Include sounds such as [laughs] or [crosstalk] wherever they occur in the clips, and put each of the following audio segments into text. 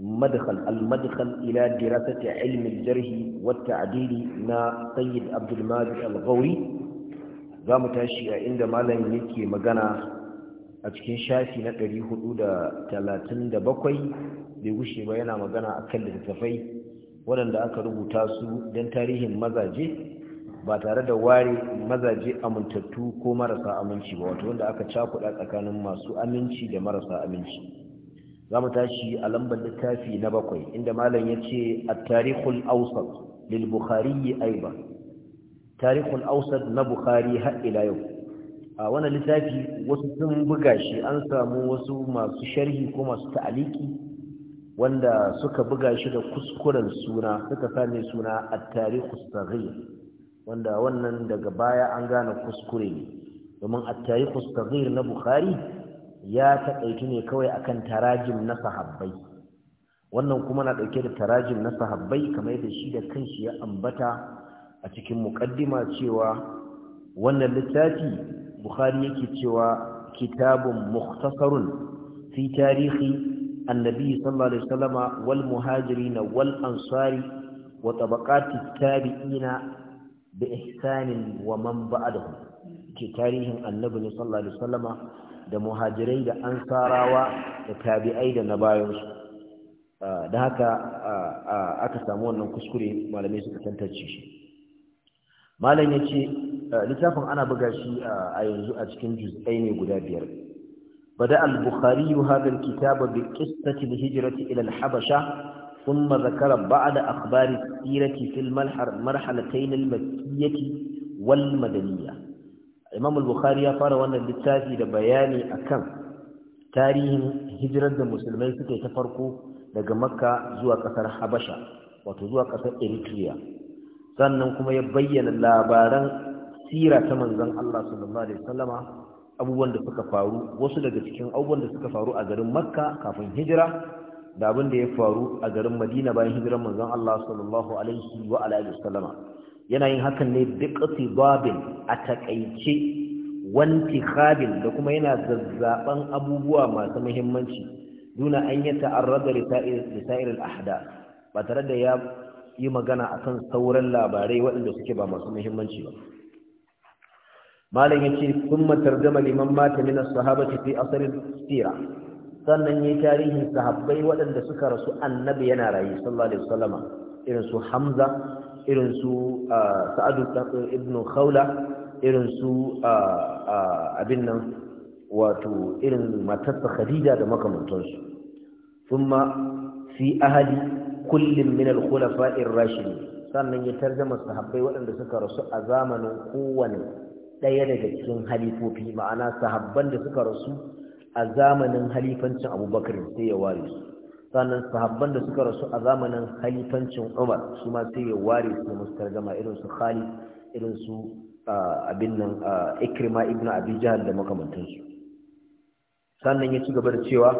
Almadukan Ina Darasira Cilmi-jarhi watta addini na Sayyid Abdulmazi al-ƙauri, za mu tashi a inda malamin yake magana a cikin shafi na ɗari huɗu da talatin da bakwai, bai gushe ba yana magana akan kan littattafai, waɗanda aka rubuta su dan tarihin mazaje, ba tare da ware mazaje a ko marasa aminci ba, wato wanda aka cakuɗa tsakanin masu aminci da marasa aminci. za mu tashi a lambar littafi na bakwai inda malam ya ce a tarihul ausat lil bukhari yi aiba tarihul ausat na bukhari har ila yau a wani littafi wasu sun buga shi an samu wasu masu sharhi ko masu ta'aliki wanda suka buga shi da kuskuren suna suka same suna a tarihul saghir wanda wannan daga baya an gane kuskure ne domin a tarihul saghir na bukhari ya taƙaitu ne kawai akan tarajim na sahabbai wannan kuma na ɗauke da tarajim na sahabbai kamar da shi da kanshi ya ambata a cikin muƙaddima cewa wannan littafi bukhari yake cewa kitabun mukhtasarun fi tarihi annabi sallallahu alaihi wasallama wal muhajirin wal ansari wa tabaqati tabi'ina bi ihsanin wa man ba'dahum ke tarihin annabi sallallahu alaihi wasallama da muhajirai da ansarawa da tabi'ai da na bayansu da haka aka samu wannan kuskure malamai suka tantance shi malam ya ce littafin ana buga shi a yanzu a cikin juz'ai ne guda biyar bada al-bukhari hadha al-kitaba bi qissati al-hijrati ila al-habasha thumma dhakara ba'da akhbari sirati fil marhalatayn al-makkiyyah wal madaniyah imam al-bukhari ya fara wannan littafi da bayani akan tarihin hijirar da musulmai suka yi ta farko daga makka zuwa kasar habasha wato zuwa kasar eritrea sannan kuma ya bayyana labaran sira ta manzon Allah sallallahu alaihi wasallama abubuwan da suka faru wasu daga cikin abubuwan da suka faru a garin makka kafin hijira da abin da ya faru a garin madina bayan hijirar manzon Allah sallallahu alaihi wa wasallama yana yin hakan ne duk babin a takaice wanti khabil da kuma yana zazzaban abubuwa masu muhimmanci duna an yi ta'arrada da al ahada, ba tare da ya yi magana a kan sauran labarai waɗanda suke ba masu muhimmanci ba malam sun thumma tarjama liman mata min sahaba ta fi asalin al-sira sannan yayi tarihin sahabbai waɗanda suka rasu annabi yana rayu sallallahu alaihi wasallama irin su hamza irin su sa'adu ibn khawla irin su abin nan wato irin matarsa khadija da makamantansu ma fi ahali, kullum min al-khulafa'ir rashidin sannan ya tarjama sahabbai waɗanda suka rasu a zamanin kowane ɗaya daga cikin halifofi ma'ana sahabban da suka rasu a zamanin halifancin abubakar sai ya ware su sannan sahabban da suka rasu a zamanin halifancin umar su ma sai ya ware su musu targama irin su khalid irin su abin nan ikrima ibn abi jahal da makamantansu sannan ya ci gaba da cewa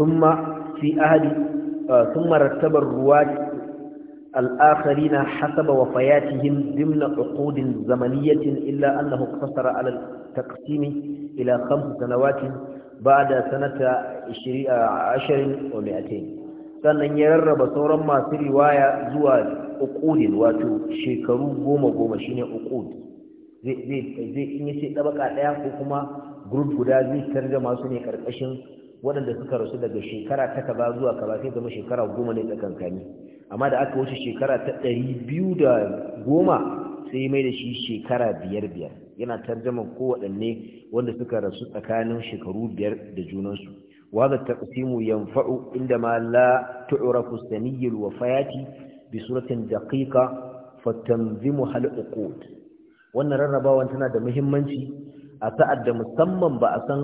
thumma fi ahadi thumma rattaba ruwat الآخرين حسب وفياتهم ضمن عقود زمنية إلا أنه اقتصر على التقسيم إلى خمس سنوات ba'da sanata 20 wa 200 sannan ya rarraba sauran masu riwaya zuwa uqudin wato shekaru goma goma shine uqud zai zai in yace dabaka daya ko kuma group guda zai tarjama masu ne karkashin waɗanda suka rasu daga shekara ta kaza zuwa kaza sai zama shekara goma ne tsakankani amma da aka wuce shekara ta ɗari biyu da goma sai mai da shi shekara biyar biyar yana tarjama kowaɗanne wanda suka rasu tsakanin shekaru biyar da junansu wadda taqsimu yanfa'u inda ma la tu'rafu saniyyul wafayati bi suratin daqiqa fatanzimu hal uqud wannan rarrabawan tana da muhimmanci a sa'ad da musamman ba a san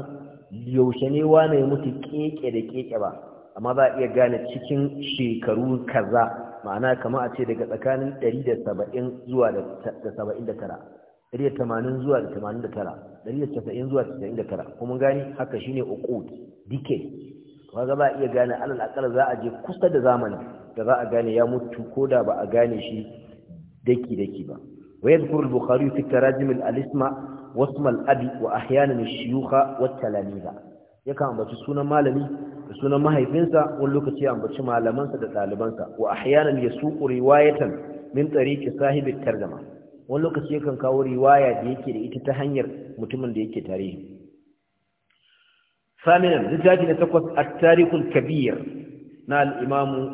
yaushe ne wane ya mutu keke da keke ba amma za a iya gane cikin shekaru kaza ma'ana kama a ce daga tsakanin 170 zuwa da 79 ɗari tamanin zuwa da tamanin da tara ɗari da tafa'in zuwa tasa'in da tara kuma gane. haka shi ne uƙud dike kuma ga ba iya gane a aƙal za a je kusa da zamani da za a gane ya mutu ko da ba a gane shi daki daki ba wai zukur bukhari fi tarajim al alisma wa asma al abi wa ahyanan al shuyukha wa yakan ambaci sunan malami da sunan mahaifinsa wani lokaci ambaci malamansa da ɗalibansa wa ahyanan yasuqu riwayatan min tariqi sahibi tarjama wani lokaci yakan kawo riwaya da yake da ita ta hanyar mutumin da yake tarihi saminan littafi na takwas a tarihun kabir na al-imamu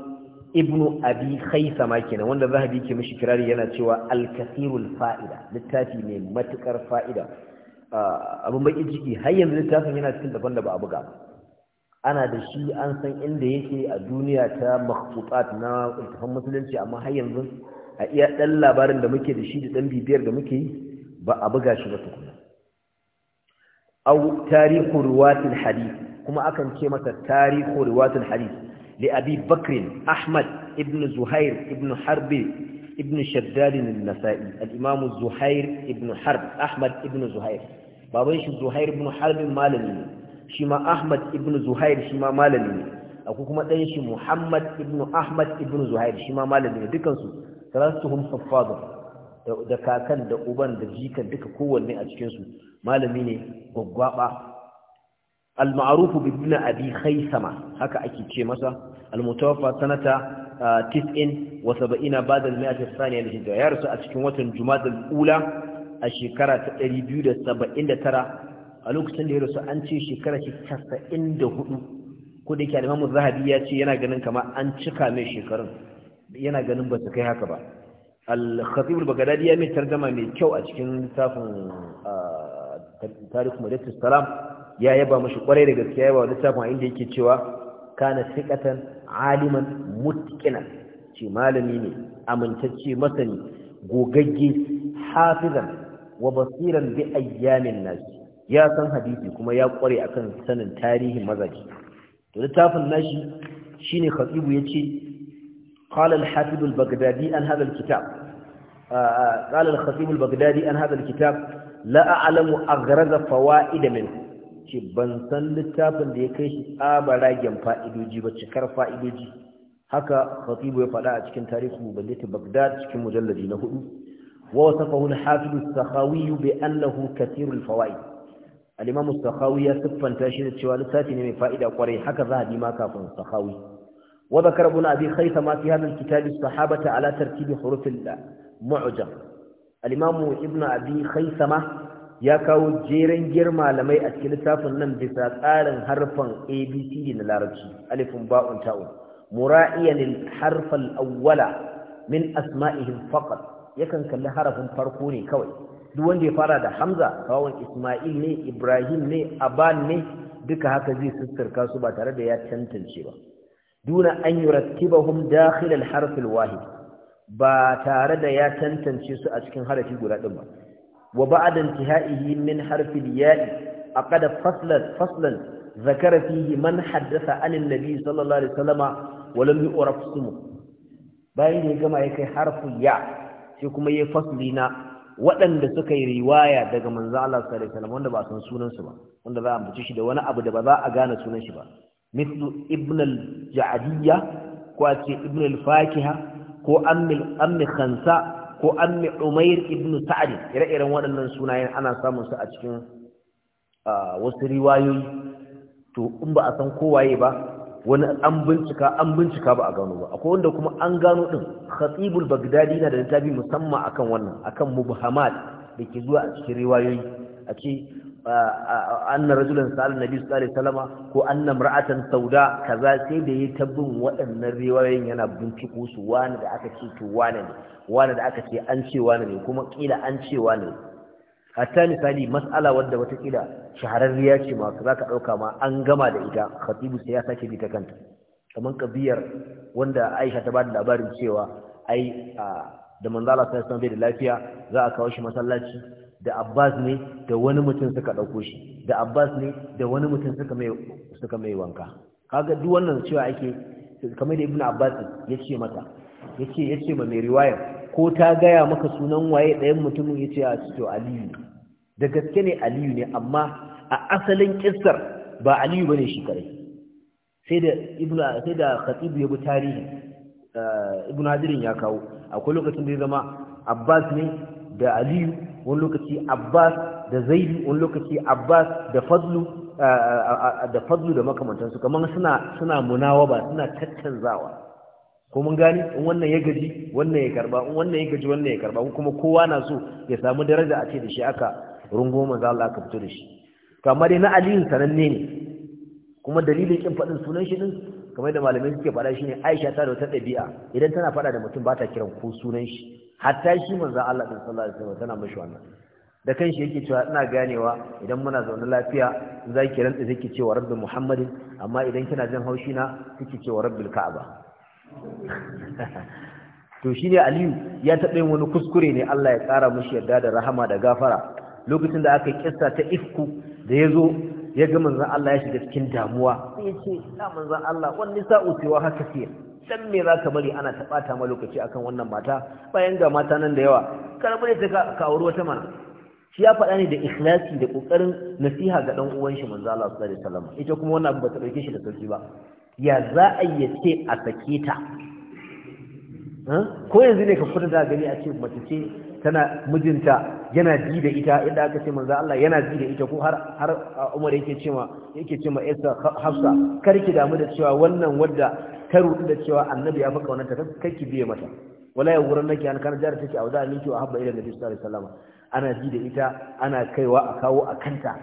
ibnu abi khaisama kenan wanda zahabi ke mashi kirari yana cewa alkasirun fa'ida littafi mai matukar fa'ida abin baki ciki har yanzu littafin yana cikin daban da ba a buga ana da shi an san inda yake a duniya ta makhfutat na ultafan musulunci amma har yanzu a iya ɗan labarin da muke da shi da ɗan bibiyar da muke yi ba a buga shi ba tukuna au tarihu riwatul hadith kuma akan ce masa tarihu riwatul hadith li abi bakrin ahmad ibn zuhair ibn Harbi, ibn shaddad an-nasa'i al-imam zuhair ibn harb ahmad ibn zuhair baban shi zuhair ibn harb malami ne shi ma ahmad ibn zuhair shi ma malami ne akwai kuma ɗan shi muhammad ibn ahmad ibn zuhair shi ma malami ne dukansu salatuhum haffazun da kakan da uban da jikan duka kowanne a cikin su malami ne gwaggwaba al-ma'ruf bi ibn abi khaisama haka ake ce masa al-mutawaffa sanata 79 ah, ba'da al-mi'ah ath-thaniya lil-hijra ya rasu a cikin watan jumada al-ula a shekara ta 279 a lokacin da ya rasu an ce shekara ce hudu. ko da yake al zahabi ya ce yana ganin kamar an cika mai shekarun yana ganin ba su kai haka ba al-khatib al-baghdadi ya mai tarjuma mai kyau a cikin littafin tarihi madatus salam ya yaba mashi kwarai da gaskiya yaba littafin inda yake cewa kana thiqatan aliman mutqinan ce malami ne amintacce masani gogagge hafizan wa basiran bi ayyamin nas ya san hadisi kuma ya kware akan sanin tarihin mazaji to littafin nashi shine khatibu yace قال الحافظ البغدادي عن هذا الكتاب قال الخطيب البغدادي عن هذا الكتاب لا أعلم أغرز فوائد منه ce ban san littafin da ya kai shi abaragen fa'idoji ba cikar fa'idoji haka khatibu ya faɗa a cikin tarihi muballati bagdad cikin mujallaji na hudu wa wasafahu al-hafiz as-sakhawi bi annahu kathir al-fawaid al-imam sakhawi ya siffanta shi da cewa littafi ne mai fa'ida kwarai haka zahabi ma kafin sakhawi وذكر ابن أبي خيثمة في هذا الكتاب الصحابة على ترتيب حروف المعجم الإمام ابن أبي خيثمة ya kawo jeran girma malamai a cikin littafin nan bisa tsarin harfan abcd na larabci alifin ba'un ta'un mura'iyan harfal awwala min asma'ihim faqat yakan kalli harafin farko ne kawai duk wanda ya fara da hamza kawon isma'il ne ibrahim ne aban ne duka haka zai sussurka su ba tare da ya tantance ba duna an yurattibahum dakhil al-harf al-wahid ba tare da ya tantance su a cikin harafi guda ɗin ba wa ba'da intihaihi min harf al-ya'i aqad faslan faslan zakara fihi man haddatha an an-nabi sallallahu alaihi wasallama wa lam yu'raf ismu bayan da ya gama ya kai harfin ya sai kuma ya fasli na waɗanda suka yi riwaya daga manzo Allah wanda ba san sunan ba wanda za a ambace shi da wani abu da ba za a gane sunan shi ba mislu ibn al-ja'adiyya ko a ce ibn al-fakiha ko ammi khansa ko ammi umair ibn sa'ad ire-iren waɗannan sunayen ana samun su a cikin wasu riwayoyi to in ba a san kowaye ba wani an bincika an bincika ba a gano ba akwai wanda kuma an gano din khatibul bagdadi na da littafi musamman akan wannan akan mubhamat da ke zuwa a cikin riwayoyi a ce anna rajulan sa'al nabi sallallahu alaihi wasallam ko anna mar'atan sauda kaza sai da yayi tabbin waɗannan riwayoyin yana binciko su wani da aka ce to wani ne wani da aka ce an ce wani ne kuma kila an ce wani ne hatta misali mas'ala wadda wata kila shahararriya ce ma za ka dauka ma an gama da ita khatibu sai ya sake bi ta kanta kamar kabiyar wanda Aisha ta da labarin cewa ai da manzala sai san bai da lafiya za a kawo shi masallaci da Abbas ne da wani mutum suka ɗauko shi da Abbas ne da wani mutum suka mai wanka kaga duk wannan cewa ake kamar da Ibnu Abbas ya ce mata ya ce ya ce ma mai riwaya ko ta gaya maka sunan waye ɗayan mutumin ya ce a cito Aliyu da gaske ne Aliyu ne amma a asalin kissar ba Aliyu ba ne shi kare sai da Ibn ya bi tarihi eh, Ibnu Hadirin ya kawo akwai lokacin da ya zama Abbas ne da Aliyu wani lokaci abbas da zaidi wani lokaci abbas da fadlu da fadlu da makamantansu kamar suna suna ba, suna caccanzawa ko mun gani in wannan ya gaji wannan ya karba in wannan ya gaji wannan ya karba kuma kowa na so ya samu daraja a ce da shi aka rungo manzo Allah aka fito da shi kamar dai na aliyu sananne ne kuma dalilin kin fadin sunan shi din kamar da malamai suke faɗa ne Aisha ta da wata ɗabi'a idan tana faɗa da mutum ba ta kiran ko sunan shi hatta shi manzon Allah sallallahu alaihi wasallam tana mishi wannan da kanshi yake cewa ina ganewa idan muna zaune lafiya za ki rantsa zaki cewa rabbi muhammadin amma idan kina jin haushi na kike cewa rabbil ka'aba [laughs] to shine aliyu ya taɓa yin wani kuskure ne Allah ya ƙara mishi yarda da rahama da gafara lokacin da aka kissa ta ifku da ya zo. ya ga manzan Allah ya shiga cikin damuwa sai ya ce na manzan Allah wani sa'u cewa haka ce dan me za ka bari ana taɓata ma lokaci akan wannan mata bayan ga mata nan da yawa karbu ne ta ka auri wata mana shi ya faɗa ne da ikhlasi da ƙoƙarin nasiha ga ɗan uwan shi manzo Allah sallallahu alaihi wasallam ita kuma wannan abu ba ta ɗauke shi da sauki ba ya za a yi ce a sake ta ko yanzu ne ka fita da gani a ce mace ce tana mijinta yana ji da ita inda aka ce manzo Allah yana ji da ita ko har har Umar yake cewa yake cewa Isa Hafsa karki damu da cewa wannan wadda ta rudu da cewa annabi ya fi ta kake biye mata wala ya wurin nake an kana jara take auda ki wa habba ila nabi sallallahu alaihi wasallam ana ji da ita ana kaiwa a kawo a kanta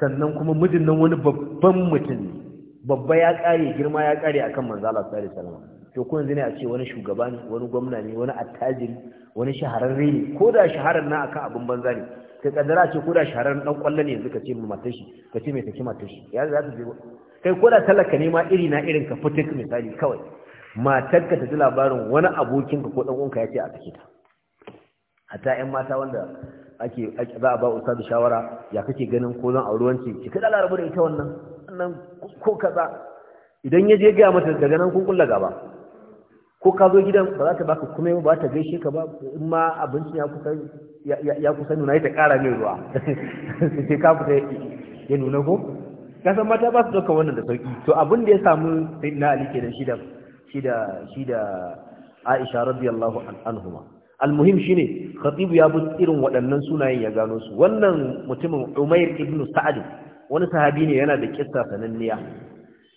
sannan kuma mijin nan wani babban mutum babba ya kare girma ya kare akan manzo Allah sallallahu alaihi wasallam to ko yanzu ne a ce wani shugaba ne wani gwamna ne wani attajiri wani shahararre ne ko da shaharar na akan abin banza ne kai kaddara ce ko da shahararren dan kwallo ne yanzu ka ce mai matar shi ka ce mai matar shi ya za ta je kai ko da talaka ne ma iri na irin ka fitik misali kawai matar ka ta ji labarin wani abokin ka ko dan uwanka ya ce a sake ta hatta ƴan mata wanda ake za a ba ustadu shawara ya kake ganin ko zan auri wance ki kada larabu da ita wannan Wannan ko kaza idan ya je ga mata daga nan kun kulla gaba ko ka zo gidan ba za ta baka kuma ba ta gaishe ka ba in ma abinci ya kusa nuna ya ta kara mai ruwa [laughs] sai ka kusa ya nuna ko ka san mata ba su dauka wannan da sauki to abin da ya samu sayyidina ali kenan da shi da shi da aisha radiyallahu anhuma almuhim shine khatibu ya bi irin waɗannan sunayen ya gano su wannan mutumin umair ibnu sa'ad wani sahabi ne yana da kissa sananniya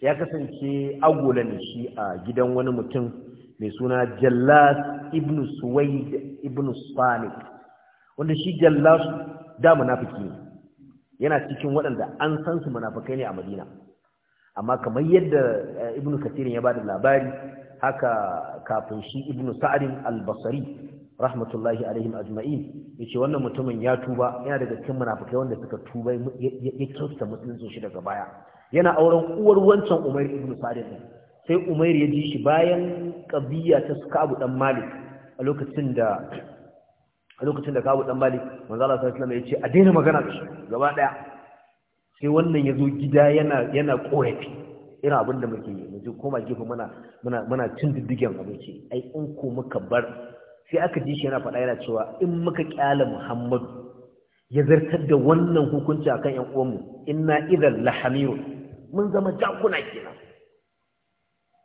ya kasance agola ne shi a gidan wani mutum mai suna jallas ibn suwaid ibn sanik wanda shi jallas da munafiki ne yana cikin waɗanda an san su munafikai ne a madina amma kamar yadda eh, ibn katirin ya bada labari haka kafin shi ibn sa'adin al-basri rahmatullahi alaihim ajma'in yace wannan mutumin ya tuba yana daga cikin munafikai wanda suka tuba ya kyauta musulunci shi daga baya yana auren uwar wancan umar ibn sa'adin sai umair ya ji shi bayan ƙabiya ta kabu ɗan malik a lokacin da a lokacin kabu dan malik manzo Allah sallallahu alaihi ya ce a daina magana da shi gaba ɗaya sai wannan ya zo gida yana yana korafi irin abin muke yi mu koma gefe muna muna muna cin diddigen abinci ai in ko muka bar sai aka ji shi yana faɗa yana cewa in muka kyala Muhammadu ya zartar da wannan hukunci akan ƴan uwanmu inna idan lahamiru mun zama jakuna kenan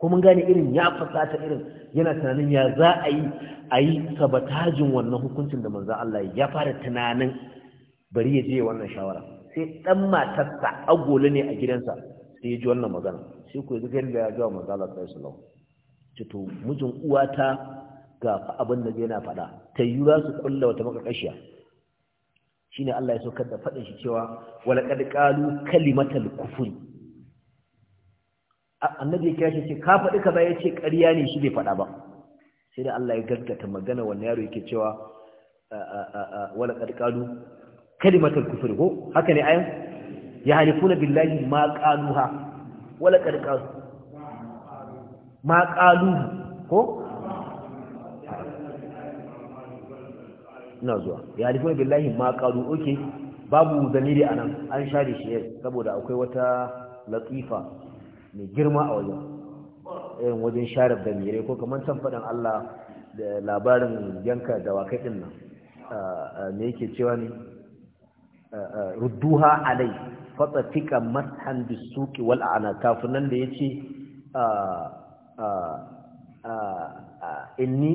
ko mun gane irin ya fasata irin yana tunanin ya za a yi a yi sabatajin wannan hukuncin da manzan Allah ya fara tunanin bari ya je wannan shawara sai dan matarsa agolo ne a gidansa sai ya ji wannan magana sai ku zuga da ya ga manzan Allah sai alaihi wasallam to mijin uwata ga abin da yana faɗa ta yi za su kulla wata Shi shine Allah ya saukar da faɗin shi cewa wala qad qalu kalimatal kufri annabi ya kira shi ce ka faɗi kaza ya ce ƙarya ne shi bai faɗa ba sai da Allah ya gaggata magana wannan yaro yake cewa wala qad qalu kalimatul kufr ko haka ne ayan ya halifuna billahi ma qaluha wala qad qalu ma qalu ko ina zuwa ya halifuna billahi ma qalu okay babu zamiri anan an share shi saboda akwai wata latifa mai girma a wajen irin wajen sharif da mere ko kamar can faɗin Allah da labarin yanka da ɗin nan me yake cewa ne rudduha alai fatsatika mashan bisuki wal ana kafin nan da ya ce inni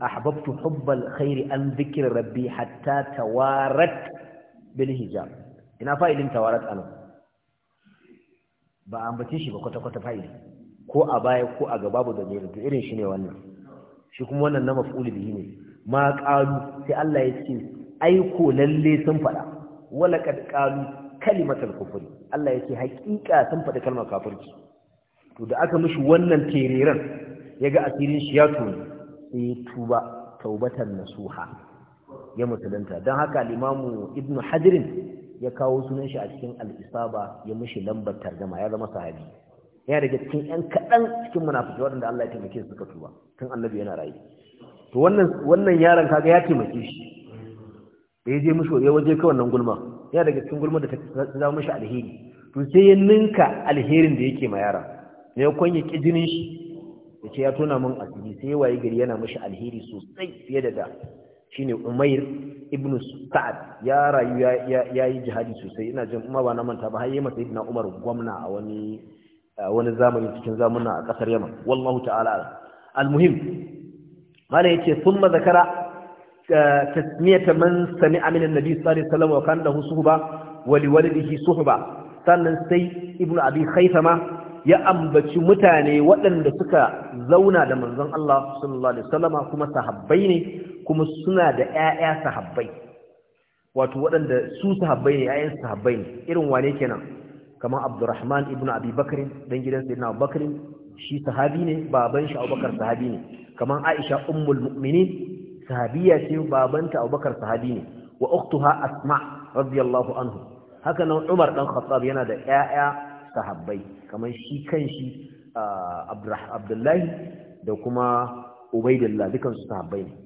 ahbabtu hubbal khairi an bikin rabbi hatta tawarat bil hijab ina fa'ilin tawarat nan ba a ambace shi ba kwata-kwata fa'ili ko a baya ko a gaba ba da ne to irin shi ne wannan shi kuma wannan na maf'ul bihi ne ma ƙalu sai Allah ya ce aiko lalle sun faɗa. wala da ƙalu, kalimatul kufri Allah ya ce haƙiƙa sun faɗi kalmar kafirci to da aka mishi wannan tereren ga asirin shi ya tuni sai tuba taubatan nasuha ya musulunta don haka limamu ibnu hadirin ya kawo sunan shi a cikin al-isaba ya mishi lambar tarjama ya zama sahabi ya daga cikin yan kaɗan cikin munafiki waɗanda Allah ya taimake su suka tuba tun annabi yana rayu to wannan wannan yaron kaga ya taimake shi da ya je mishi ya waje kai wannan gulma ya daga cikin gulma da ta zama mishi alheri to sai ya ninka alherin da yake ma yaron ne ya kwanye kijinin shi ya ce ya tona min asiri sai ya waye gari yana mishi alheri sosai fiye da da shine Umair ibn Sa'ad ya rayu ya yi jihadi sosai ina jin kuma ba na manta ba masa yayi sayyidina Umar gwamna a wani wani zamani cikin zamuna a kasar Yaman wallahu ta'ala almuhim mala yace thumma zakara tasmiyata man sami'a min annabi sallallahu alaihi wasallam wa kana lahu suhba wa liwalidihi suhba sannan sai ibn abi khaythama ya ambaci mutane waɗanda suka zauna da manzon Allah sallallahu alaihi wasallama kuma sahabbai ne kuma suna da ƴaƴa sahabbai wato waɗanda su sahabbai ne ƴaƴan sahabbai ne irin wane kenan kamar Abdurrahman ibn Abi Bakr dan gidan Sayyidina Abu shi sahabi ne baban shi Abu sahabi ne kamar Aisha ummul mu'minin sahabiya ce babanta Abubakar sahabi ne wa uktuha Asma radiyallahu anhu haka nan Umar dan Khattab yana da ƴaƴa sahabbai kamar shi kanshi ah, Abdullahi da kuma Ubaidillah dukansu sahabbai ne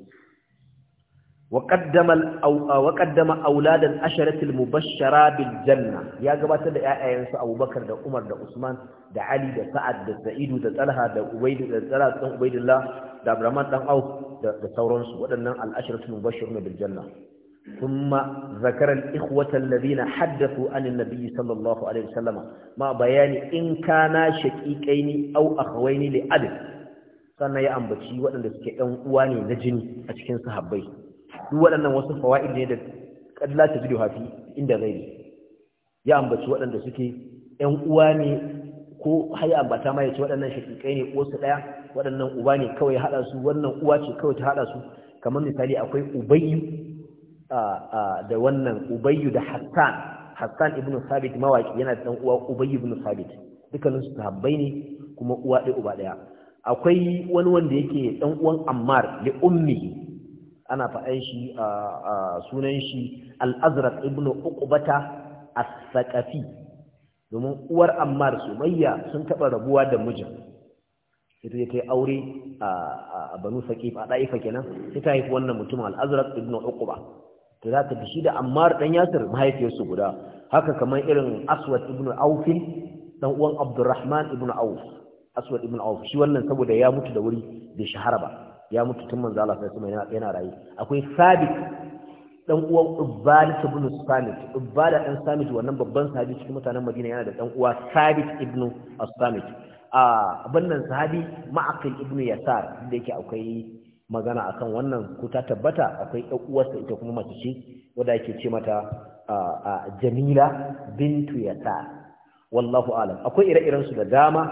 وقدم وقدم اولاد العشره المبشره بالجنه يا gabatar da ƴaƴayensu Abubakar da Umar da Usman da Ali da Sa'ad da Sa'id da Talha da Ubayd da Talha da Ubaydullah dan Auf sauransu waɗannan al-ashratu mubashshiruna bil janna thumma zakara al-ikhwata alladhina haddathu an an-nabi sallallahu ma bayani in kana shaqiqaini aw akhawaini li abi sannan ya ambaci waɗanda suke ɗan uwa ne na jini a cikin sahabbai duk waɗannan wasu fawa'id ne da kalla ta bidiyo hafi inda zai ya ambaci waɗanda suke ‘yan uwa ne ko haya ambata ma ya ce waɗannan shakikai ne ko su ɗaya waɗannan uba ne kawai haɗa su wannan uwa ce kawai ta haɗa su kamar misali akwai ubayyu da wannan ubayyu da hassan hassan ibn sabit mawaki yana da ɗan uwa ubayyu ibn sabit dukkanin su sahabbai ne kuma uwa ɗaya uba ɗaya akwai wani wanda yake ɗan uwan ammar li ummi ana faɗan shi a sunan shi al-azraq ibnu uqbata as-saqafi domin uwar ammar sumayya sun taɓa rabuwa da mijin ita ya kai aure a banu a ɗa'ifa kenan sai ta haifi wannan mutum al-azraq ibnu uqba to za ta bi shi da ammar ɗan yasir mahaifiyarsu guda haka kamar irin aswad ibnu aufin dan uwan abdurrahman ibnu auf aswad ibnu auf shi wannan saboda ya mutu da wuri bai shahara ba ya mutu tun manzo Allah sai kuma yana rayu akwai sabit dan uwan Ubbad ibn Samit Ubbad dan Samit wannan babban sahabi cikin mutanen Madina yana da dan uwa Sabit ibn As-Samit a bannan sahabi Ma'aqil ibn Yasar da yake akwai magana akan wannan ko ta tabbata akwai ɗan uwarsa ita kuma mace ce wanda yake ce mata Jamila bintu Yasar wallahu alam akwai ire-iren su da dama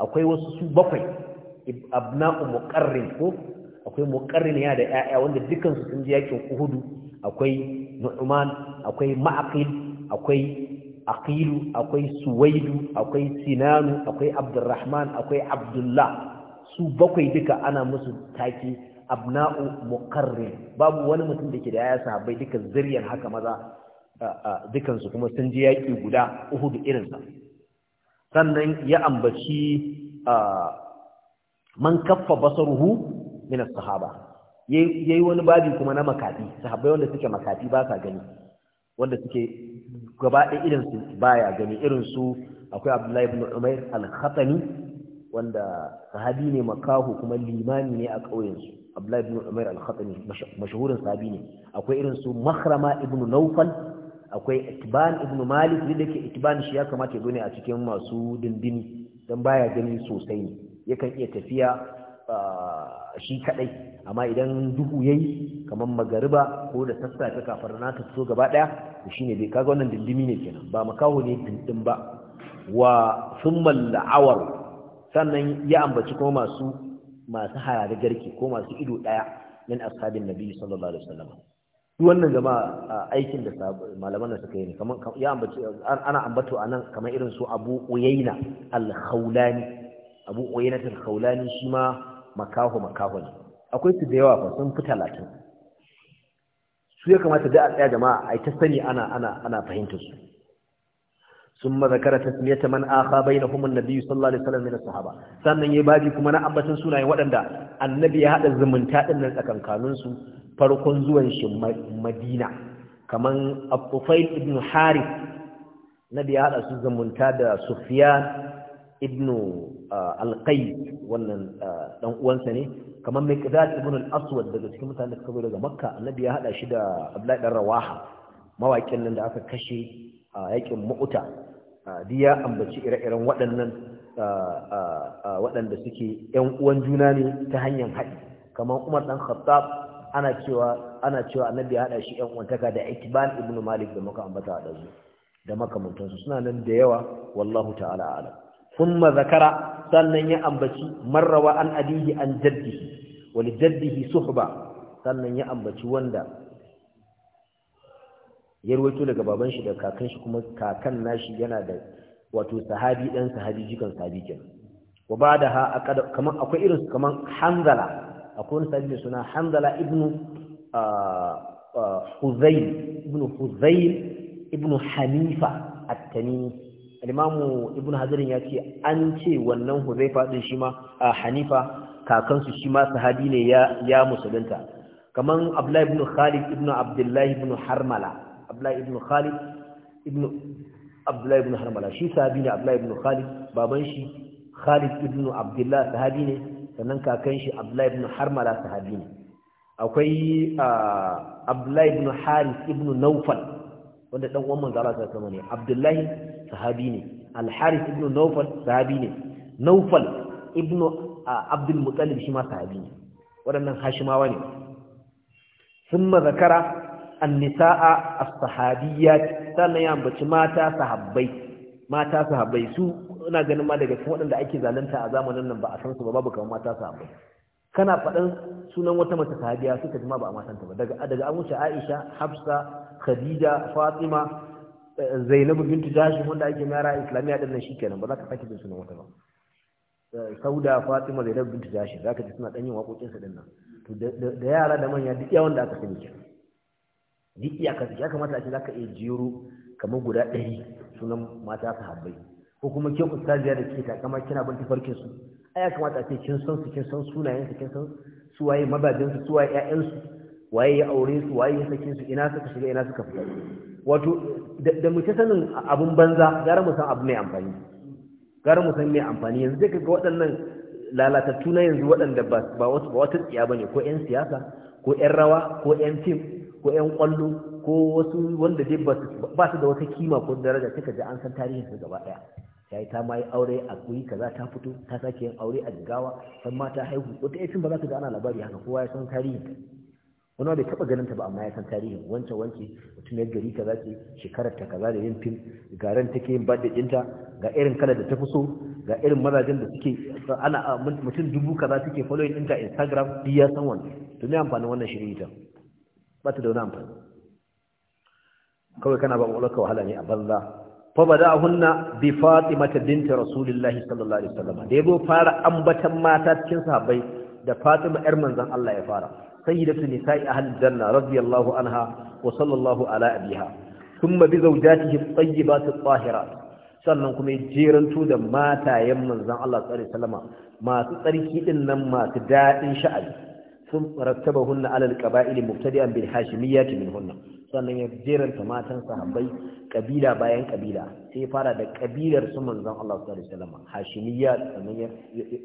akwai wasu su bakwai abna'u muqarrin ko akwai muqarriniya da ƴaƴa wanda dukkan su sun ji yakin uhudu akwai nu'man akwai ma'aqil akwai aqilu akwai suwaidu akwai sinanu akwai abdurrahman akwai abdullah su bakwai duka ana musu taki abna'u muqarrin babu wani mutum da ke da yaya sahabbai duka zuriyar haka maza dukan su kuma sun ji yaki guda uhudu irin sa sannan ya ambaci man kaffa basaruhu min sahaba yayi wani babi kuma na makati sahabbai wanda suke makati ba sa gani wanda suke gaba ɗaya irin su baya gani irin su akwai Abdullahi ibn Umair al-Khatani wanda sahabi ne makahu kuma limami ne a ƙauyen su Abdullahi ibn Umair al-Khatani mashahurin sahabi ne akwai irin su Makhrama ibn Nawfal akwai Itban ibn Malik da yake Itban shi ya kamata ya zo ne a cikin masu dindini dan baya gani sosai ne yakan iya tafiya shi kadai amma idan duhu yayi kamar magariba ko da sassafe kafar na ta so gaba daya to shine dai kaga wannan dindimi ne kenan ba makaho ne dindin ba wa thumma la'awar sannan ya ambaci kuma masu masu da garki ko masu ido daya min ashabin nabi sallallahu alaihi wasallam duk wannan jama'a aikin da malaman da suka yi ne kamar ya ambaci ana ambato anan kamar irin su Abu uyaina al-Khawlani Abu uyaina al-Khawlani shi ma makaho makaho ne akwai su da yawa ba sun fi talatin su ya kamata da a tsaya jama'a a ta sani ana ana ana fahimtar su sun mazakara ta sun ta man aka bai na humun nabi sallallahu alaihi wasallam min sahaba sannan yayi baji kuma na ambatan sunayen waɗanda annabi ya haɗa zumunta din nan tsakankanin su farkon zuwan shi madina kaman abufail ibn harith nabi ya haɗa su zumunta da sufyan ibnu uh, alqai wannan uh, dan uwansa ne kamar miqdad ibn al-aswad daga cikin mutanen da suka daga makka annabi ya haɗa shi da abdullahi dan rawaha mawakin nan da aka kashe a uh, yakin mu'uta diya ambaci ire-iren waɗannan waɗanda suke ƴan uwan juna ne ta hanyar haɗi kamar umar ɗan khattab ana cewa ana cewa annabi ya haɗa shi yan uwantaka da itban ibn malik da muka ambata da su da makamantansu suna nan da yawa wallahu ta'ala a'lam ثم ذكر sannan ya ambaci marrawa an abihi an jaddihi wal jaddihi suhba sannan ya ambaci wanda ya ruwaito daga baban shi da kakan shi kuma kakan nashi yana da wato sahabi dan sahabi jikan sahabi kenan wa da ha kaman akwai irin su kamar Hanzala akwai wani sahabi suna Hanzala ibnu Huzayl ibnu Huzayl ibnu Hanifa at-Tamimi Alimamu ibn hazarin ya ce an ce wannan huzaifa din shi ma a hanifa kakansu shi ma sahabi ne ya musulunta kaman abdullahi ibn khalid ibn abdullahi ibn harmala abdullahi ibn khalid ibn abdullahi ibn harmala shi sahabi ne abdullahi ibn khalid baban shi khalid ibn abdullahi sahabi ne sannan kakan shi abdullahi ibn harmala sahabi ne akwai abdullahi ibn haris ibn naufal wanda dan uwan manzo Allah ta alaihi ne abdullahi sahabi ne al ibn nawfal sahabi ne nawfal ibn ah, abdul muttalib shi ma sahabi ne waɗannan hashimawa ne thumma zakara an-nisaa as-sahabiyyat sannan ya ambaci mata sahabbai mata sahabbai su ina ganin ma daga cikin waɗanda ake zalunta a zamanin nan ba a san su ba babu kamar mata sahabbai kana faɗan sunan wata mace sahabiya su ji ma ba a matanta ba daga daga an wuce Aisha Hafsa Khadija Fatima zainabu bintu jashi wanda ake mara islamiyya din nan shi ba za ka sake jin sunan wata ba eh, sauda fatima zainabu bintu jashi za ka ji suna ɗan yin waƙoƙinsa dinnan. nan to da yara da manya duk yawan da aka sani ke. duk iyakar ya kamata a ce za ka iya jero kamar guda ɗari sunan mata Habbai. ko kuma ke ustaziya da ke ta, kamar kina bin tafarkin su ai ya kamata a ce kin san su kin san sunayen su kin san suwaye mabajin su suwaye ƴaƴan su waye ya aure su waye ya sake su ina suka shiga ina suka fita wato da mu ta sanin abun banza gara mu san abu mai amfani gara mu san mai amfani yanzu zai kaga waɗannan lalatattu na yanzu waɗanda ba ba wasu ba wata tsiya bane ko ƴan siyasa ko ƴan rawa ko ƴan fim ko ƴan ƙwallo ko wasu wanda dai ba su da wata kima ko daraja kika ji an san tarihin su gaba ɗaya ta yi ta ma yi aure a kuri kaza ta fito ta sake yin aure a jigawa san mata haihu wata fim ba za ka ga ana labari haka kowa ya san tarihin wani bai taba ganin ta ba amma ya san tarihin wancan wanke mutum ya gari kaza ce shekarar ta kaza da yin fim ga ran take yin birthday dinta ga irin kalar da ta fi so ga irin mazajen da suke ana mutum dubu kaza suke following ɗinta Instagram duk ya san wannan to ne amfanin wannan shirin ita ba ta da wani amfani kawai kana ba ƙwaƙwalwarka wahala ne a banza fa bada hunna bi fatimata binta rasulullahi sallallahu alaihi wasallam da yabo fara ambatan mata cikin sahabbai da fatima yar manzon Allah ya fara sayyidatu nisa'i ahlil janna radiyallahu anha wa sallallahu ala abiha thumma bi zawjatihi at-tayyibat at-tahirat sannan kuma jerantu da matayen manzan Allah sallallahu alaihi masu tsarki din nan masu daɗin sha'ani sun rattabahunna ala al-qaba'il mubtadi'an bil hashimiyyah hunna sannan ya jeranta matan sahabbai kabila bayan kabila sai fara da kabilar su manzan Allah sallallahu alaihi wasallam hashimiyya sannan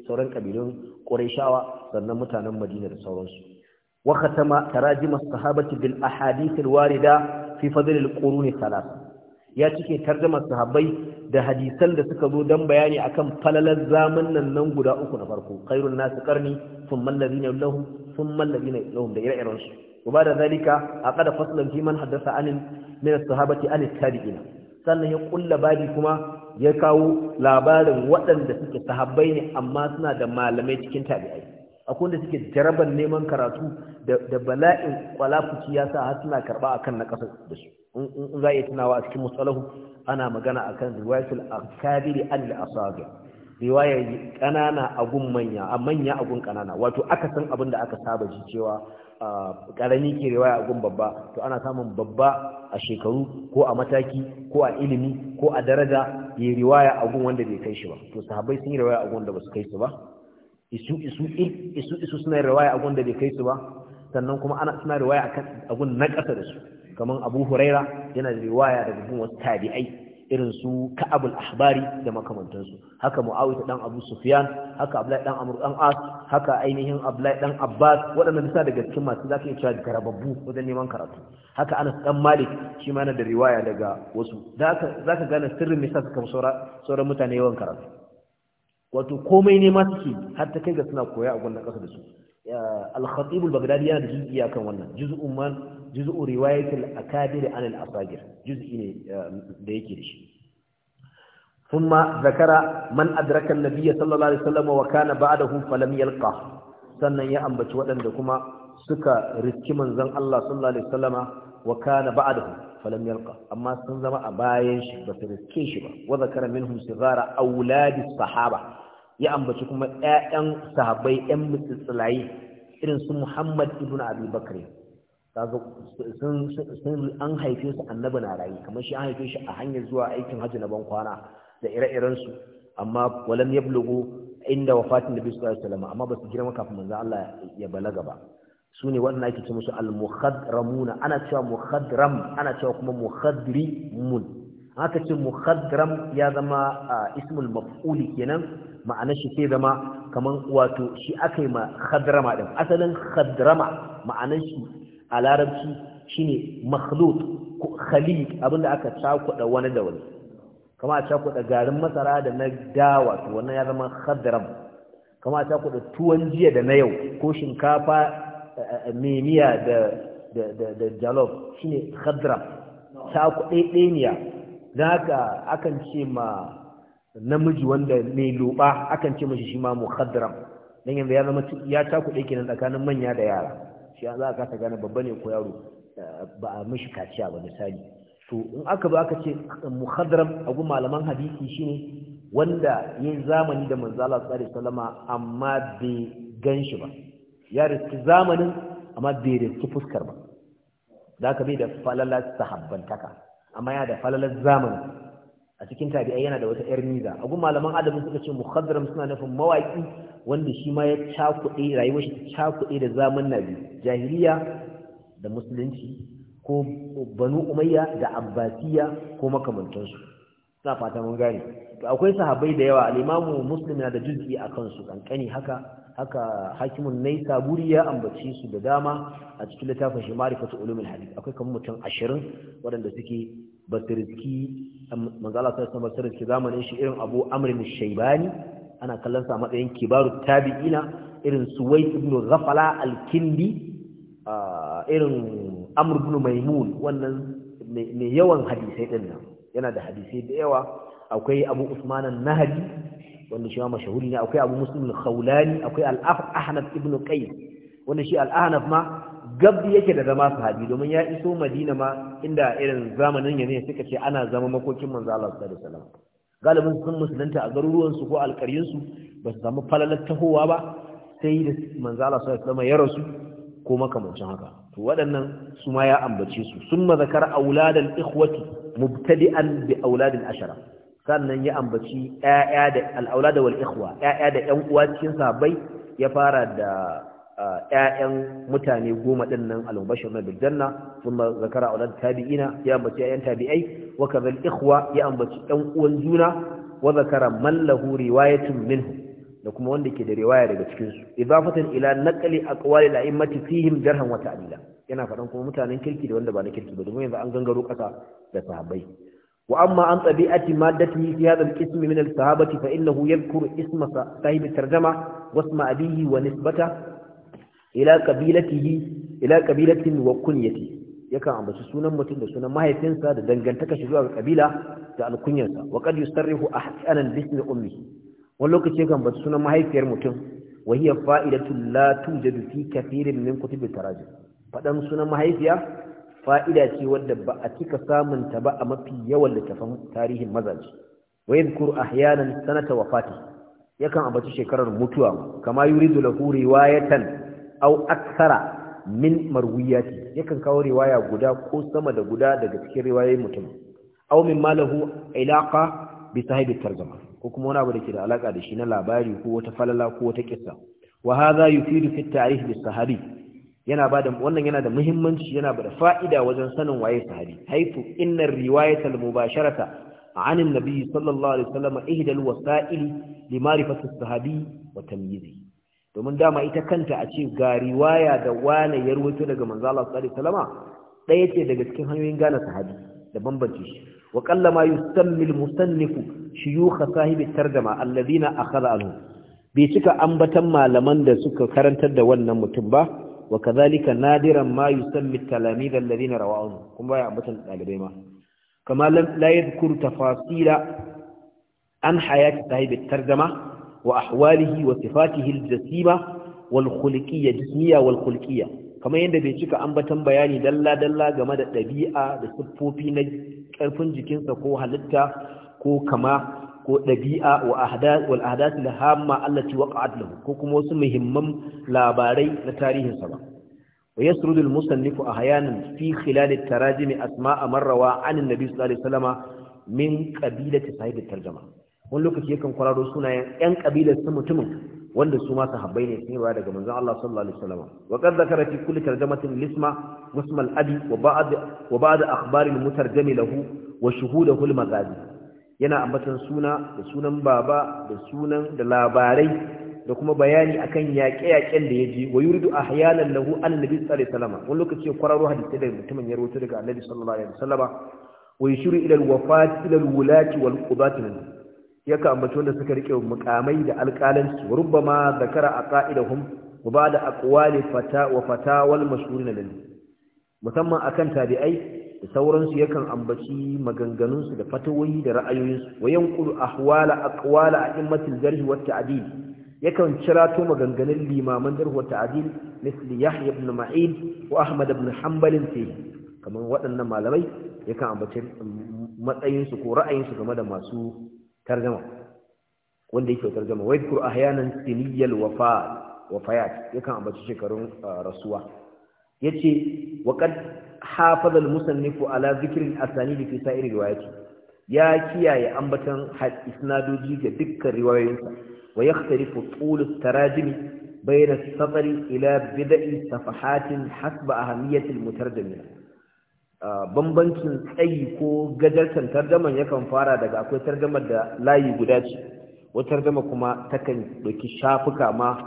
sauran kabilun quraishawa sannan mutanen Madina da sauransu وختم تراجم الصحابة بالأحاديث warida fi فضل القرون الثلاثة ya cike tarjamar sahabbai da hadisan da suka zo don bayani akan falalar zamanin nan guda uku na farko khairun nasu karni sun mallabi na da ire-iren su kuma da zalika a kada fasalan fi man min sahabati an tabi'ina sannan ya kulla babi kuma ya kawo labarin waɗanda suke sahabbai ne amma suna da malamai cikin tabi'ai akwai wanda suke jaraban neman karatu da bala'in kwalafuci ya sa har suna karba akan na ƙasa da su in za a yi tunawa a cikin musalahu ana magana akan riwayatul akabiri an da asabi riwaya kanana agun manya a manya agun kanana wato aka san abin da aka saba ji cewa karami ke riwaya agun babba to ana samun babba a shekaru ko a mataki ko a ilimi ko a daraja ya riwaya agun wanda bai kai shi ba to sahabai sun yi riwaya agun da ba su kai su ba isu isu isu isu suna riwaya abun da bai kai su ba sannan kuma ana suna riwaya akan abun na ƙasa da su kaman Abu Huraira yana da riwaya daga gun wasu tabi'ai irin su Ka'abul Ahbari da makamantansu haka Muawiya dan Abu Sufyan haka Abdullahi dan Amr dan As haka ainihin Abdullahi dan Abbas waɗannan bisa daga cikin masu zaka iya cewa garababbu wajen neman karatu haka Anas dan Malik shi ma yana da riwaya daga wasu Za ka gane sirrin me yasa suka sauran mutane yawan karatu wato komai ne ma suke har ta kai ga suna koya a gwamnan ƙasa da su al Bagdadi yana da jizgi akan wannan juz'un man juz'u riwayat al-akabir an al-asagir juz'i ne eh, da yake da shi ثم ذكر من أدرك النبي صلى الله عليه وسلم وكان بعده فلم يلقى sannan ya ambaci waɗanda kuma suka riski manzon Allah sallallahu alaihi wasallama wa kana ba'dahu falam yalqa amma sun zama a bayan shi ba su riske shi ba wa zakara minhum sigara auladi sahaba ya ambaci kuma ƴaƴan sahabbai ƴan mutsitsilayi irin su Muhammad ibn Abi Bakr kaga sun sun an haife su annabi na rayi kamar shi an haife shi a hanyar zuwa aikin hajji na ban kwana da ire-iren su amma walam yablughu inda wafatin nabi sallallahu alaihi wasallam amma ba su girma kafin manzo Allah ya balaga ba su ne waɗanda ake ce musu al-mukhadramuna ana cewa mukhadram ana cewa kuma mukhadrimun haka ce mukhadram ya zama ismul maf'uli kenan ma'ana shi sai zama kaman wato shi aka yi ma khadrama din asalin khadrama ma'anar shi a larabci shine makhlut ko khalid abinda aka cakuɗa wani da wani kama a cakuɗa garin masara da na dawa to wannan ya zama khadram kama a cakuɗa tuwon jiya da na yau ko shinkafa memiya da jalof shine khadra ta ku ɗaiɗaniya don haka akan ce ma namiji wanda mai loba akan ce mashi shi ma khadram dan yanzu ya zama ya cakuɗe kenan tsakanin manya da yara shi za ka ta gane babba ne ko yaro eh, ba a mishi kaciya ba misali to in aka ba aka ce khadram a gu malaman hadisi shine wanda ya zamani da manzala tsari sallallahu amma bai gan shi ba ya riski zamanin amma bai riski fuskar ba da ka bai da falalar sahabbantaka amma ya da falalar zamanin a cikin tabi yana da wata yar niza a gun malaman adabin suka ce muhazzaram suna nufin mawaki wanda shi ma ya cakuɗe rayuwar shi cakuɗe da zaman na bi. jahiliya da musulunci ko banu umayya da abbasiya ko makamantansu Suna fata mun gane to akwai sahabbai da yawa al-imamu muslim na da juz'i akan su kankani haka haka hakimun nai saburi ya ambaci su da dama a cikin littafin shi marifatu ulumul hadith akwai kamar mutum 20 waɗanda suke basirki manzo Allah sallallahu alaihi wasallam zamanin shi irin Abu Amr al-Shaybani ana kallon sa matsayin Kibaru tabi'ina irin suwai ibn Ghafala al-Kindi irin Amr ibn Maimun wannan mai yawan hadisai din nan yana da hadisai da yawa akwai Abu Usman an-Nahdi wanda shi ma mashahuri ne akwai abu muslim al-khawlani akwai al-ahnaf ibn qais wanda shi al-ahnaf ma gabbi yake da zama sahabi domin ya iso madina ma inda irin zamanin yanzu suka ce ana zama makokin manzo Allah sallallahu alaihi wasallam galibin sun musulunta a garuruwan su ko alƙaryun su ba su samu falalar tahowa ba sai da manzo Allah sallallahu alaihi wasallam ya rasu ko makamancin haka to waɗannan su ma ya ambace su summa zakara auladal ikhwati mubtadi'an bi auladil ashara sannan ya ambaci ƴaƴa da al'aula da ikhwa 'ya'ya da 'yan uwa cikin sahabbai ya fara da 'ya'yan mutane goma din nan al-mubashir na biljanna kuma zakara aulad tabi'ina ya ambaci 'ya'yan tabi'ai wa kadhal ikhwa ya ambaci 'yan uwan juna wa zakara mallahu, lahu riwayatun minhu da kuma wanda ke da riwaya daga cikin su idafatan a naqli aqwali la'immati fihim jarhan wa ta'dila yana faɗan kuma mutanen kirki da wanda ba na kirki ba domin yanzu an gangaro ƙasa da sahabbai وأما عن طبيعة مادته في هذا الاسم من الصحابة فإنه يذكر اسم صاحب الترجمة واسم أبيه ونسبته إلى قبيلته إلى قبيلة وكنيته yakan ambaci sunan mutum da sunan mahaifinsa da dangantaka shi zuwa kabila da alkunyarsa wa qad yusarrihu ahsanan bismi ummi wani lokaci yakan ambaci sunan mahaifiyar mutum wa hiya fa'idatu la tujadu fi kathirin min kutub tarajim fadan sunan mahaifiya fa'ida ce wadda ba a cika samun ta ba a mafi yawan littafan tarihin mazaji wa a ahyanan sanata wafati yakan abaci shekarar mutuwa kama yuridu lahu riwayatan aw Aksara min marwiyati yakan kawo riwaya guda ko sama da guda daga cikin riwayoyin mutum aw min malahu ilaka bi sahibi tarjuma ko kuma wani abu da ke da alaka da shi na labari ko wata falala ko wata kissa wa hadha yufidu fi at-ta'rif bis-sahabi yana ba da wannan yana da muhimmanci yana ba da fa'ida wajen sanin waye sahabi haifu innar riwayatal mubasharata anin annabi sallallahu alaihi wasallam ihdal wasa'il li ma'rifati sahabi wa tamyizi domin dama ita kanta a ce ga riwaya da wani ya daga manzo Allah sallallahu alaihi wasallam daya ce daga cikin hanyoyin gane sahabi da bambance shi wa qallama yusammi al musannif shuyukh sahibi tarjama alladhina akhadha anhu bai cika ambatan malaman da suka karantar da wannan mutum ba wa kadhalika nadiran ma yusammi at ladina alladhina rawa'un kun baya ambatan dalibai ma kama la yadhkuru tafasila an hayati sahib tarjama wa ahwalihi wa sifatihi al-jasima wal khuluqiyya jismiyya wal khuluqiyya kamar yadda bai cika ambatan bayani dalla-dalla game da dabi'a da siffofi na karfin jikinsa ko halitta ko kama ko ɗabi'a wa ahadathul hamma allati waqa'at lahu ko kuma wasu muhimman labarai na tarihin sa ba wa yasrudu al musannifu ahyanan fi khilal al asma? A marrawa anin Nabi, sallallahu alaihi wasallama min qabilati sahib al tarjuma wani lokaci yakan kwararo sunayen yan kabilar ta mutumin wanda su ma sahabbai ne sun riwaya daga manzon Allah sallallahu alaihi wasallam wa qad zakara fi kulli tarjamatin lisma wasma abi wa ba'd wa ba'd akhbar al-mutarjami lahu wa shuhudahu al yana ambatan suna da sunan baba da sunan da labarai da kuma bayani akan yaƙe-yaƙen da ya ji wa a ahyanan lahu annabi sallallahu alaihi wasallam wani lokaci kwararo hadisi da mutumin ya rawaito daga annabi sallallahu alaihi wasallam wa yushiru ila alwafat ila alwulati wal qudati yaka ambaci wanda suka rike mukamai da alƙalanci rubbama zakara aqaidahum wa da aqwali fata wa fatawal mashhurin lil musamman akan tabi'ai da sauransu yakan ambaci maganganunsu da fatawoyi da ra'ayoyinsu wa yanqulu ahwala aqwala a'immatil jarh wa ta'dil yakan cirato maganganun limaman jarh wa ta'dil misli yahya ibn ma'in wa ahmad ibn hanbal fi kaman waɗannan malamai yakan ambaci matsayinsu ko ra'ayinsu game da masu tarjama wanda yake tarjama wa yadkur ahyanan siniyal wafa wafayat yakan ambaci shekarun ah, rasuwa yace wa qad hafazal musannifu ala zikirin Asani da fi sa'ir riwayati ya kiyaye ambatan isnadoji ga dukkan riwayoyinsa wa yakhtarifu tul tarajimi bayna as-satr ila bid'i safahatin hasba a al-mutarjim bambancin tsayi ko gajartan tarjaman yakan fara daga akwai tarjamar da layi guda ce wata tarjama kuma takan ɗauki shafuka ma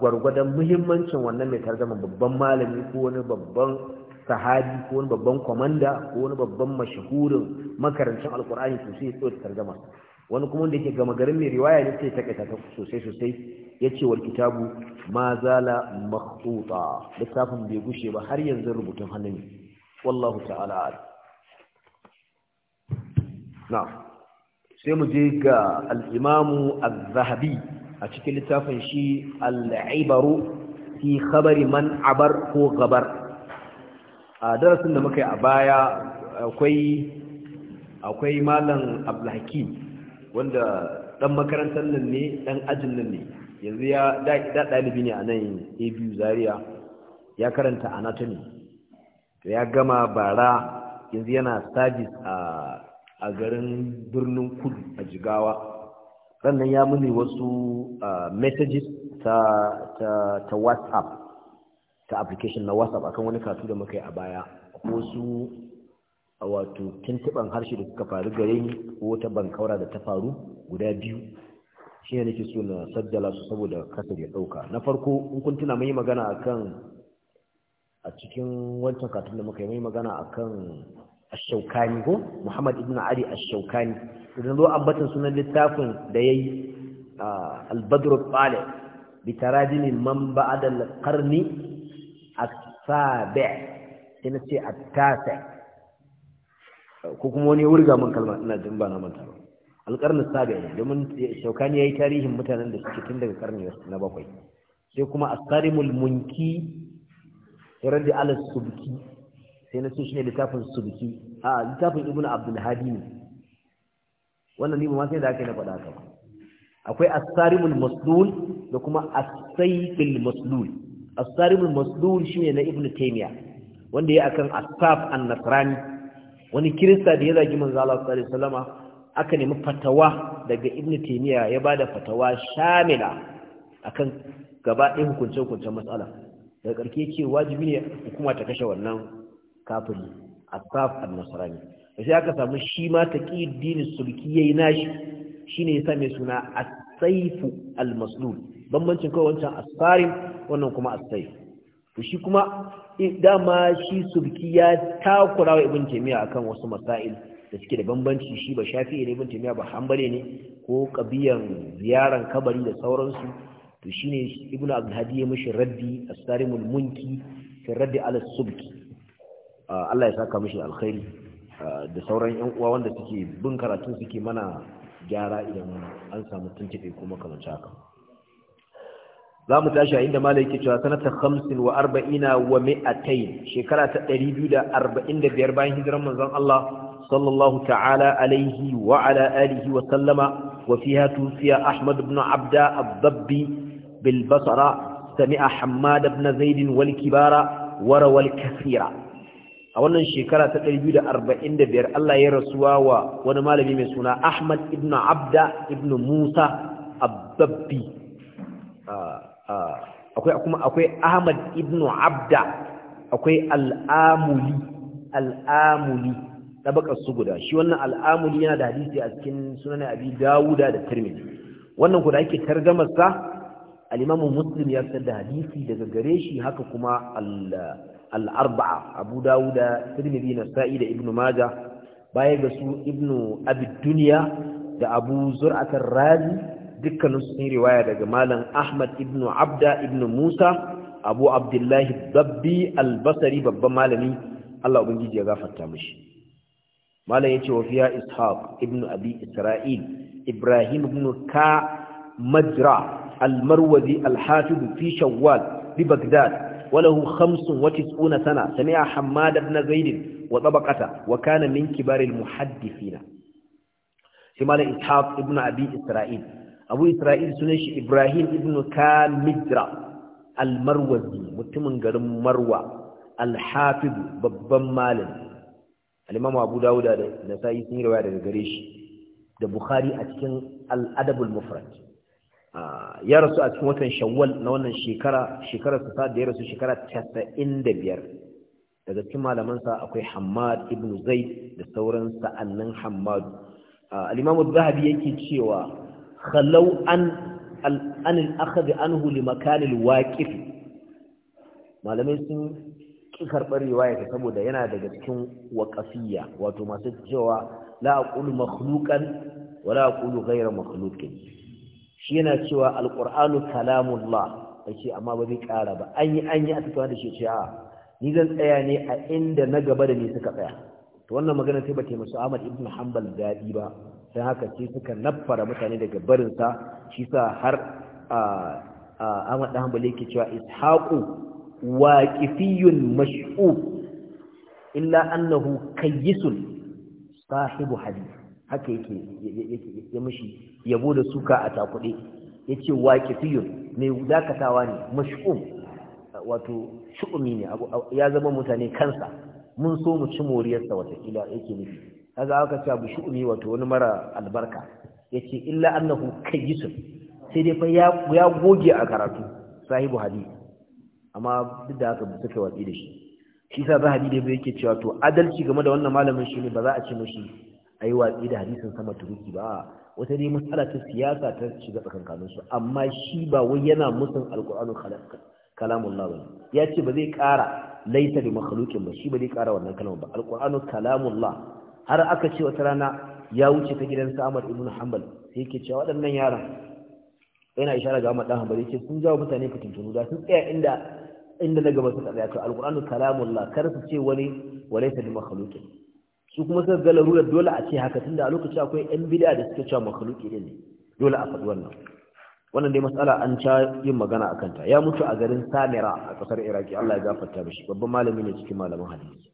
gwargwadon muhimmancin wannan mai tarjama babban malami ko wani babban sahabi ko wani babban komanda ko wani babban mashahurin makarancin alkur'ani to sai ya tsoye tarjama wani kuma wanda yake gama garin mai riwaya ne sai ya takaita ta sosai sosai ya ce wal kitabu ma zala makhuta littafin bai gushe ba har yanzu rubutun hannu ne wallahu ta'ala na sai mu je ga al'imamu az zahabi a cikin littafin shi al al-ibaru fi khabari man abar ko gabar a darasin da muka yi a baya akwai akwai malam abdulhakim wanda dan makarantar nan ne dan ajin nan ne yanzu ya da ɗalibi ne a nan abu zaria ya karanta anatomy ya gama bara yanzu yana sabis a garin birnin kudu a jigawa sannan ya muni wasu ah, messages ta whatsapp ta application na whatsapp akan wani katu da muka yi a baya ko su wato tuntuban harshe da suka faru gare ni ko ta bankaura da ta faru guda biyu shi ne nake so na saddala su saboda kasar ya dauka na farko in kun tuna mai magana akan a cikin wancan katun da muka yi mai magana akan ashaukani ko muhammad ibn ali ashaukani idan zo ambatan sunan littafin da ya yi albadru tsale bi taradinin man karni sabi sai na ce attasa ko kuma wani wurga min kalma ina jin ba na manta ba alƙarni sabi ne domin shaukani ya yi tarihin mutanen da suke tun daga ƙarni na bakwai sai kuma tsari mulmunki tsoron da alas subki sai na ce shi ne littafin subki a littafin ibn abdulhadi ne wannan ni ba ma sai da aka yi na faɗa ka Akwai a tsari maslul da kuma a tsaifin maslul as-sarimul maslul shine na ibnu taymiya wanda ya akan asaf an-nasrani wani kirista da ya zagi manzo Allah sallallahu alaihi wasallama aka nemi fatawa daga ibnu taymiya ya bada fatawa shamila akan gaba ɗaya hukunce-hukuncen matsala daga ƙarke ce wajibi ne hukuma ta kashe wannan kafiri asaf an-nasrani sai aka samu shi ma taqi dinin sulki yayi nashi ne ya mai suna as-sayf al-maslul bambancin kawai wancan asarin wannan kuma asai to shi kuma dama shi subki ya takura wa ibn taymiya akan wasu masail da suke da bambanci shi ba shafi ne ibn taymiya ba hanbali ne ko kabiyan ziyaran kabari da sauransu to shine ibn abdul hadi ya mishi raddi asarimul munki fi raddi ala subki Allah ya saka mishi alkhairi da sauran yan uwa wanda suke bin karatu suke mana gyara idan an samu tuntube kuma makamanci haka za mu tashi a inda malai ke cewa sanata hamsin wa arba'ina wa mi'atain shekara ta ɗari biyu da arba'in da biyar bayan hijiran manzon Allah sallallahu ta'ala alaihi wa ala alihi wa sallama wa fiha tufiya Ahmad ibn Abda ad-Dabbi bil Basra sami'a Hammad ibn Zaid wal Kibara wa rawal kathira a wannan shekara ta ɗari biyu da arba'in da biyar Allah ya rasuwa wa wani malami mai suna Ahmad ibn Abda ibn Musa ad Ah, akwai kuma akwai Ahmad ibn Abda akwai al'amuli al'amuli tabakar su guda shi wannan al'amuli yana da hadisi a cikin sunan abi Dawuda da Tirmidhi wannan ku da ake targamarsa sa al Muslim ya fitar da hadisi daga gare shi haka kuma al-Arba'a Abu Dawuda Tirmidhi Nasa'i da Ibn maja baya ga su Ibn Abi da Abu Zur'at razi dukkanin su sun riwaya daga malam Ahmad ibn Abda ibn Musa Abu Abdullahi Dabbi Albasari, babban malami Allah ubangiji ya gafarta mishi malam yace wa fiya Ishaq ibn Abi Isra'il Ibrahim ibn Ka Majra Al-Marwazi Al-Hafiz fi Shawwal bi Baghdad وله خمس وتسعون سنة سمع حماد بن زيد وطبقته وكان من كبار المحدثين شمال إسحاق ابن أبي إسرائيل abu isra'il sunan shi ibrahim ibn kamidra almarwazi mutumin garin marwa alhafiz babban malin al-imam abu dawuda da nasa'i sun yi rawaya daga gare shi da bukhari a cikin al mufrat ah, ya rasu a cikin watan shawwal na wannan shekara shekarar sa da ya rasu shekara 95 daga cikin malamansa akwai Hammad ibn Zaid da sauran sa'annin Hammad ah, al-Imam az-Zahabi yake cewa khalau an an al-akhd anhu li makan malamai sun ki karbar riwaya saboda yana daga cikin waqafiyya wato masu cewa la aqulu makhluqan wa la aqulu shi yana cewa Alƙur'anu quranu kalamullah yace amma ba zai kara ba an yi an yi a cikin da shi ce ni zan tsaya ne a inda na gaba da ni suka tsaya to wannan magana sai ba ta musu Ahmad ibn Hanbal daɗi ba don haka sai suka naffara mutane daga barinsa shi sa har ahmad dan hanbali yake cewa wa waqifiyun mash'ub illa annahu kayyisun sahibu hadi haka yake ya mashi yabo da suka a Ya ce yace waqifiyun mai dakatawa ne mash'ub wato shu'umi ne ya zama mutane kansa mun so mu ci moriyarsa watakila yake nufi kaga aka ce abu shu'umi wato wani mara albarka yace illa annahu kayyisun sai dai fa ya goge a karatu sahibu hadisi amma duk da haka suka watsi da shi shi sa zahabi da yake cewa to adalci game da wannan malamin shi ne ba za a ce mashi ayi watsi da hadisin sama turuki ba wata dai matsala ta siyasa ta shiga tsakankanin su amma shi ba wai yana musun alqur'anu kalamullah ba ya ce ba zai kara laita bi makhluqin ba shi ba zai kara wannan kalmar ba alqur'anu kalamullah har aka ce wata rana ya wuce ta gidan Ahmad ibn Hanbal sai yake cewa waɗannan yaran yana ishara ga Ahmad dan Hanbal yake sun jawo mutane tuntunu, da sun tsaya inda inda na gaba suka tsaya to alqur'anu kalamullah kar su ce wani walaysa bi makhluqin su kuma suka ga larurar dole a ce haka tunda a lokacin akwai yan bid'a da suke cewa makhluqi ne dole a faɗi wannan wannan dai matsala an ca yin magana akan ta ya mutu a garin Samira a ƙasar Iraki Allah ya gafarta mishi babban malami ne cikin malaman hadisi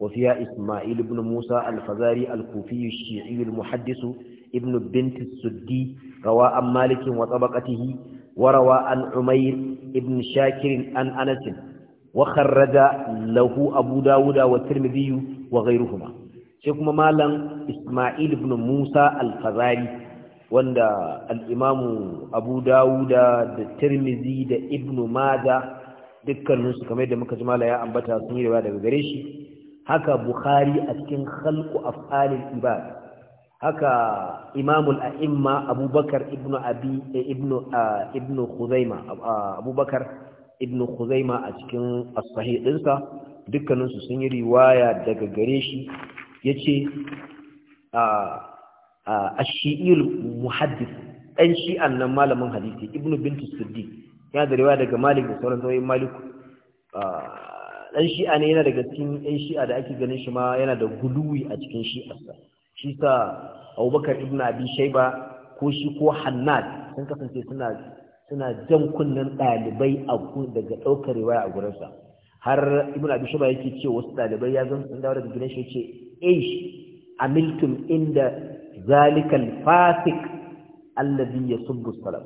وفيها إسماعيل بن موسى الفزاري الكوفي الشيعي المحدث ابن بنت السدي روى عن مالك وطبقته وروى عن عمير ابن شاكر عن أن أنس وخرج له أبو داود والترمذي وغيرهما شيخ مالا إسماعيل بن موسى الفزاري وندا الإمام أبو داود الترمذي دا ابن ماذا dukkaninsu kamar yadda muka jimala ya ambata sun yi da daga gare shi haka bukhari a cikin khalqu af'alil ibad haka imamul a'imma abubakar ibnu abi eh, ibnu ah, ibnu khuzaima ah, abubakar ibnu khuzaima a cikin as-sahih dinsa dukkanin su sun yi riwaya daga gare shi yace a ah, ash-shi'il muhaddith dan shi'an nan malamin hadisi ibnu bintu siddiq ya da riwaya daga malik da sauran sauyin maliku Ɗan shi'a ne yana daga cikin ɗan shi'a da ake ganin shi ma yana da guluwi a cikin shi'arsa shi sa abubakar ibn abi shaiba ko shi ko hannad sun kasance suna suna jan kunnen ɗalibai a daga ɗaukar riwaya a gurinsa har ibn abi shaiba yake ce wasu ɗalibai ya zan sun dawo gidan shi ce ish amiltum inda zalikal fasik alladhi yasubbu salaf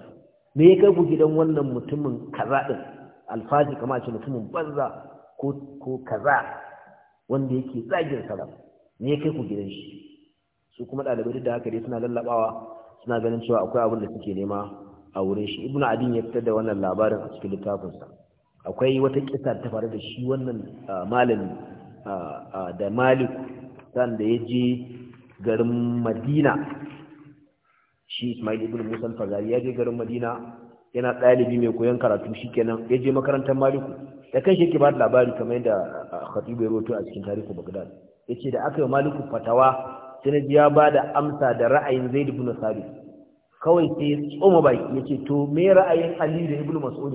me ya kai ku gidan wannan mutumin kaza din alfaji kamar ce mutumin banza ko kaza wanda yake tsagin salam ne ya kai ku gidan shi su kuma ɗalibai duk da haka dai suna lallabawa suna ganin cewa akwai abin da suke nema a wurin shi ibnu adin ya fitar da wannan labarin a cikin littafinsa akwai wata kisa ta faru da shi wannan ah, malami ah, ah, da malik da ya je garin madina shi ismail ibn musa al-fazari ya je garin madina yana ɗalibi mai koyon karatu shikenan ya je makarantar maliku da kan shi yake ba labari kamar da ah, khatib ya roto a cikin tarihi bagdad ya ce da aka yi maliku fatawa sai ya ba da amsa da ra'ayin zaid ibn sabit kawai sai ya tsoma baki yace to me ra'ayin ali da ibn mas'ud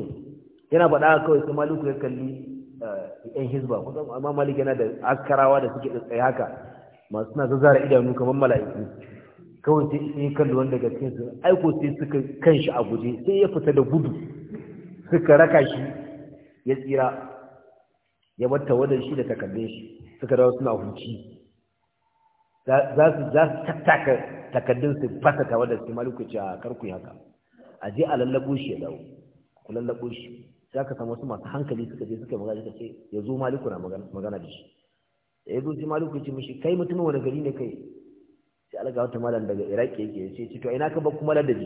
yana faɗa kawai sai maliku ya kalli ah, yan hizba kusan amma malik yana da askarawa da suke tsaye haka masu na zazzara idanu kamar mala'iku kawai sai sai ya kalli wanda cikin su aiko sai suka kanshi a guje sai ya fita da gudu suka raka shi ya tsira ya batta wadan shi da takardun shi suka dawo suna hunci za su za su tattaka takardun su fasa ta wadan su maluku ce a karku haka a je a lallabo shi ya dawo ku lallabo shi sai aka samu wasu masu hankali suka je suka magana suka ce ya zo maluku na magana da shi da ya zo sai maluku ya ce mishi kai mutumin wani gari ne kai sai alaga wata malam daga iraki yake ya ce to ina ka ba kuma ladabi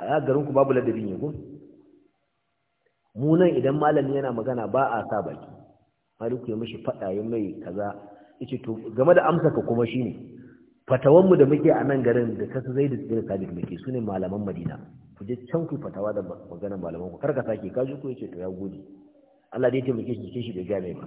a garin ku babu ladabin ne gudu mu nan idan malami yana magana ba a sa baki maliku ya mishi faɗa yin mai kaza yace to game da amsa ka kuma shine fatawan mu da muke a nan garin da kasu zai da tsira sabit muke sune malaman Madina ku je can ku fatawa da maganar malaman ku karka sake ka ji ku yace to ya gode Allah dai ya muke shi shi bai ga mai [laughs] ba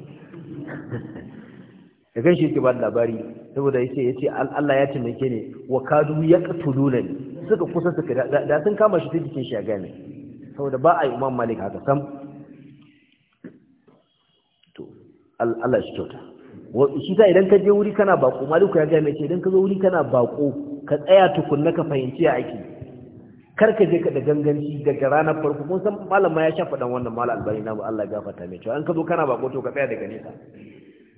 da kan shi ke ba labari saboda yace yace Allah ya taimake ne wa kadu yaqtuluna suka kusa suka da sun kama shi cikin shi ya ga mai saboda ba a yi umar malik haka sam to Allah shi kyauta shi ta idan ka je wuri kana bako maliku ya gane ce idan ka zo wuri kana bako ka tsaya tukunna ka fahimci ya ake kar ka je ka da ganganci daga ranar farko kun san malama ya shafa dan wannan mal albani na Allah gafarta mai cewa an ka zo kana bako to ka tsaya daga nesa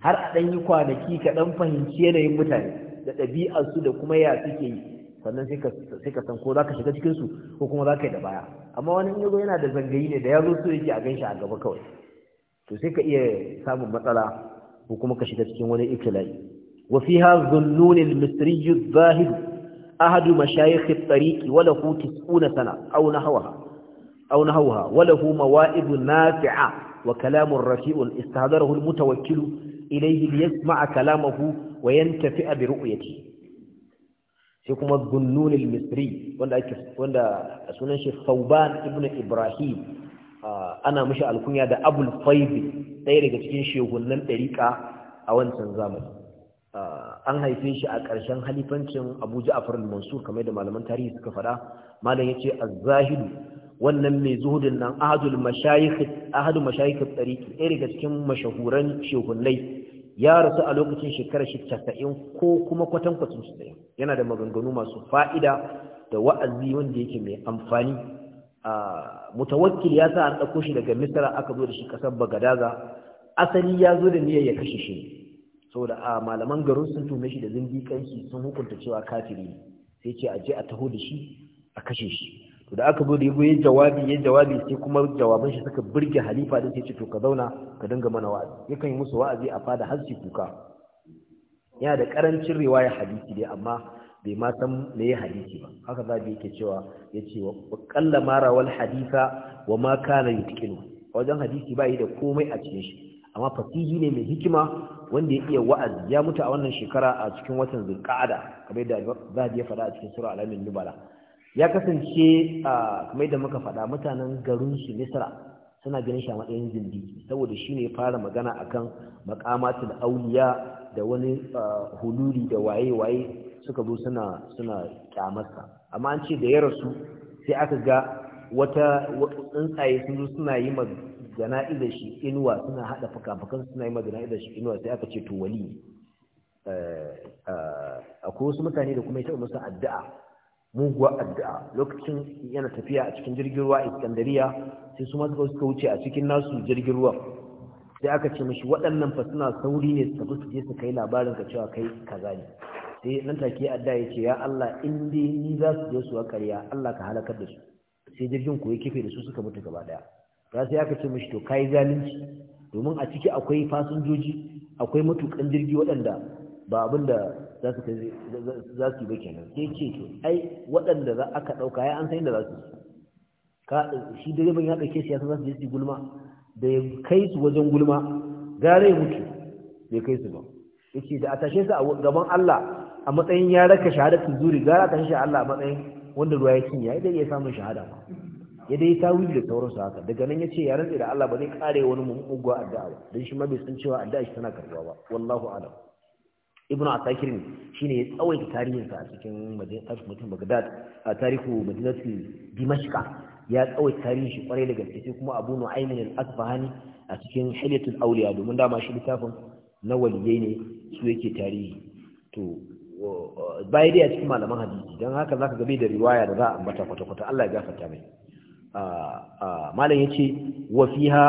har a dan yi kwanaki ka dan fahimci yanayin mutane da ɗabi'ar su da kuma ya suke yi sannan sai ka san ko za ka shiga cikin su ko kuma za ka yi da baya amma wani in yana da zangayi ne da zo so yake a ganshi a gaba kawai to sai ka iya samun matsala ko kuma ka shiga cikin wani ikilai wa fiha dhunnun al-misri adh-dhahid ahad mashayikh at-tariq wa lahu 90 sana aw nahwaha aw nahwaha wa lahu mawa'id nafi'a wa kalamun rafi'un istahdarahu al-mutawakkil ilayhi liyasma'a kalamahu wa yantafi'a bi ru'yatihi sai kuma gunnun misri wanda ake sunan shi Thauban ibn Ibrahim ana mashi alkunya da Abul faibi ɗaya daga cikin shehunan ɗariƙa a wancan zamani an haife shi a ƙarshen halifancin Abu a al-Mansur kamar da malaman tarihi suka faɗa malam ya ce zahidu wannan mai zuhudin nan ahadul mashayikh ahadul ɗariƙi ɗaya daga cikin mashahuran shehunnai ya rasu a lokacin shekarar shi casa'in ko kuma kwatan su ɗaya yana da maganganu masu fa'ida da wa'azi wanda yake mai amfani a mutawakkil ya sa an ɗauko shi daga misra aka zo da shi ƙasar bagadaza asali ya zo da niyyar ya kashe shi saboda a malaman garin sun tume shi da kanki sun hukunta cewa kafiri sai ce a je a taho da shi a kashe shi to da aka bude yi jawabi ya jawabi sai kuma jawaban shi suka burge halifa da ce to ka zauna ka dinga mana wa'azi yakan yi musu wa'azi a fada har kuka yana da karancin riwaya hadisi dai amma bai ma san me ya hadisi ba haka za bi yake cewa yace wa qalla mara wal haditha wa ma kana yutqinu wajen hadisi ba yi da komai a cikin shi amma fasihi ne mai hikima wanda ya iya wa'azi ya mutu a wannan shekara a cikin watan zulqa'ada kamar yadda zabi ya faɗa a cikin sura al-anbiya ya kasance a kamar da muka faɗa mutanen garinsu Misira, suna ganin shi a matsayin zindi saboda shi ne fara magana akan makamatul auliya da wani hululi da waye-waye suka zo suna suna kyamarsa amma an ce da ya rasu sai aka ga wata tsuntsaye sun zo suna yi magana idan shi inuwa suna haɗa fuka suna yi magana idan shi inuwa sai aka ce to wali eh, eh, akwai wasu mutane da kuma ya taɓa musu addu'a muguwa addu'a lokacin yana tafiya a cikin jirgin ruwa iskandariya sai su masu suka wuce a cikin nasu jirgin ruwa sai aka ce mashi waɗannan fa suna sauri ne su su je su kai labarin ka cewa kai kaza ne sai nan take addu'a ya ce ya Allah in dai ni za su je su wa ƙarya Allah ka halakar da su sai jirgin ko ya kife da su suka mutu gaba daya ya sai aka ce mashi to kai zalunci domin a ciki akwai fasinjoji akwai matukan jirgi waɗanda ba abin da za su yi ba kenan sai ce to ai waɗanda za aka ɗauka ya an san da za su shi direban ya ɗauke shi ya za su je su gulma da ya kai su wajen gulma gare mutu bai kai su ba Yake da a tashe su a gaban Allah a matsayin ya raka shahadatu zuri gara a tashe shi Allah a matsayin wanda ruwa ya cinye ya dai ya samu shahada ba ya dai ta wuce da sauransu haka daga nan ya ce ya rantse da Allah ba zai kare wani mummuguwa addu'a ba don shi ma bai san cewa addu'a shi tana karbuwa ba wallahu a'lam ibnu asakir ne shine ya tsawaita tarihinsa a cikin mutum bagdad a tarihu madinatul dimashqa ya tsawaita tarihin shi kwarai da gaske sai kuma abu nu'aymin al Asbahani a cikin hilyatul awliya domin dama shi littafin na waliyai ne su yake tarihi to baya dai a cikin malaman hadisi dan haka zaka bai da riwaya da za a ambata kwata-kwata Allah ya gafarta mai malam yace wa fiha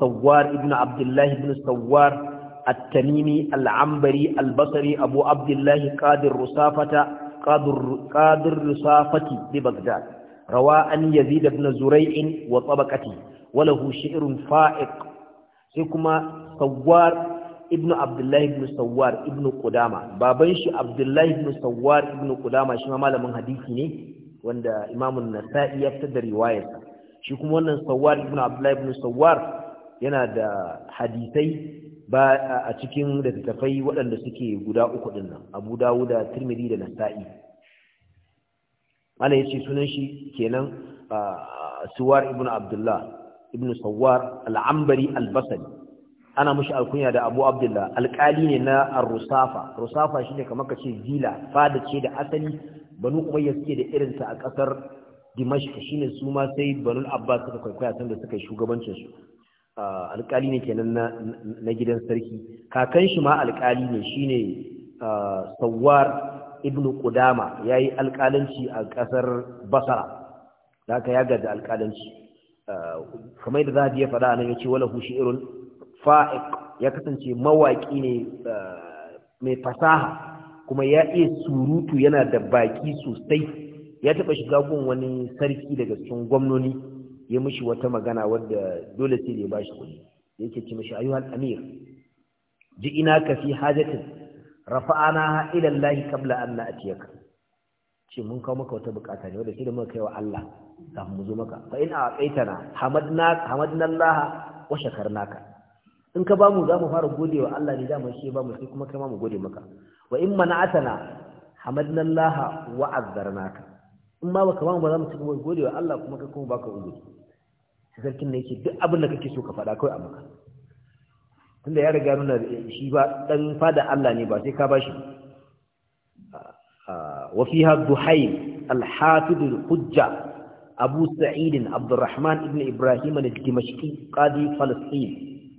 sawwar ibnu abdullahi ibnu sawwar التميمي العنبري البصري أبو عبد الله قادر رصافة قادر, قادر رصافة ببغداد روى أن يزيد بن زريع وطبقته وله شعر فائق سيكما سوار ابن عبد الله بن سوار ابن قدامة بابنش عبد الله بن سوار ابن قدامة شما مالا من حديثني وعند إمام النسائي يفتد رواية شكما أن سوار ابن عبد الله بن سوار yana da hadisai ba a cikin littattafai waɗanda suke guda uku ɗin nan abu dawuda tirmidhi da nasa'i ana yace sunan shi kenan suwar ibn abdullah ibn sawar al'ambari albasari ana mashi alkunya da abu abdullah alƙali ne na rusafa rusafa shi ne kamar ka ce zila fada ce da asali banu umayya suke da irinta a ƙasar dimashq shine su ma sai banu abbas suka kwaikwaya sanda suka yi shugabancinsu alƙali ne kenan na gidan sarki kakan shi ma alƙali ne shine sawwar ibnu Ya yi alƙalanci a ƙasar Basara. da aka ya da alƙalanci kamar yadda zahabi ya faɗa nan ya wala hushi irin fa’ik ya kasance mawaƙi ne mai fasaha kuma ya iya surutu yana da baki sosai ya taɓa shiga gun wani sarki daga cikin gwamnoni ya mishi wata magana wadda dole sai da ya bashi kuɗi yake ce mishi ayyuhal amir ji ina ka fi hajatin rafa'ana ila Allah kabla an na'tiyaka ce mun kawo maka wata bukata ne wadda sai da muka kai wa Allah kafin mu zo maka fa in a'aitana hamadna hamadna Allah wa naka? in ka bamu za mu fara godewa Allah ne dama shi ba mu sai kuma kai ma mu gode maka wa in mana mana'atana hamadna Allah wa azzarnaka in ma baka mu ba za mu ci gaba godewa Allah kuma kai kuma baka uzuri sarkin ne yake duk abin da kake so ka faɗa kawai a maka tunda ya riga nuna shi ba ɗan fada Allah ne ba sai ka bashi wa fi duhaym al-hafid hujja abu sa'id abdurrahman ibn ibrahim al-dimashqi qadi falastin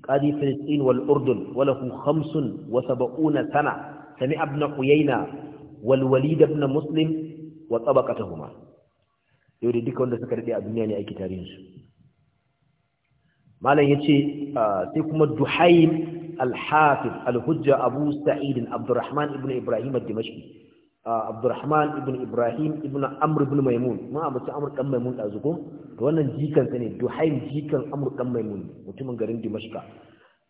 qadi falastin wal urdun wa lahu sana sami ibn uyayna wal walid ibn muslim wa huma yau da duka wanda suka rade a duniya ne aiki tarihin su malam yace ah, sai kuma duhaim al-hafiz al-hujja abu sa'id abdurrahman ibn ibrahim ad-dimashqi ah, abdurrahman ibn ibrahim ibn amr ibn maimun ma abu amr maimun da zuko to wannan jikan sa ne duhaim jikan amr kan maimun mutumin garin dimashqa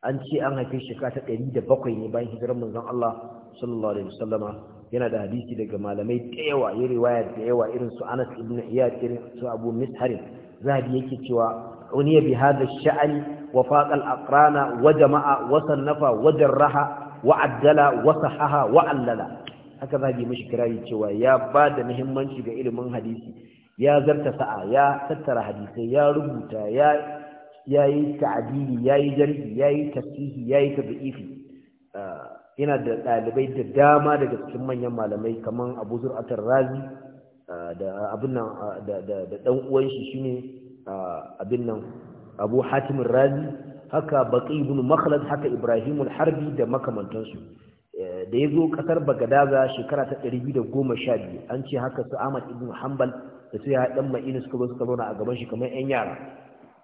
an ce an haife shi ka ta 107 ne bayan hijirar manzon Allah sallallahu alaihi wasallama yana da hadisi daga malamai da yawa ya riwaya da yawa irin su Anas ibn Iyad irin su Abu Mishar zabi yake cewa uniya bi hada sha'ani wa faqal aqrana wa jama'a wa wajen raha, jarraha wa addala wa sahaha wa allala haka mashi mishi kirayi cewa ya ba da muhimmanci ga ilimin hadisi ya zarta sa'a ya tattara hadisai ya rubuta ya ya yi ta'adili ya yi jarhi ya yi tafsihi ya yi tabi'ifi yana da ɗalibai da dama daga cikin manyan malamai kamar abu zur'atar razi da ɗan da da shi shine abin nan abu hatimin razi haka baƙi ibn makhlad haka ibrahimul harbi da makamantansu eh, da ya zo ƙasar bagadaza shekara ta 212 an ce haka su ahmad ibn hanbal da su ya ɗan ma'ina suka zo suka zauna a gaban shi kamar 'yan yara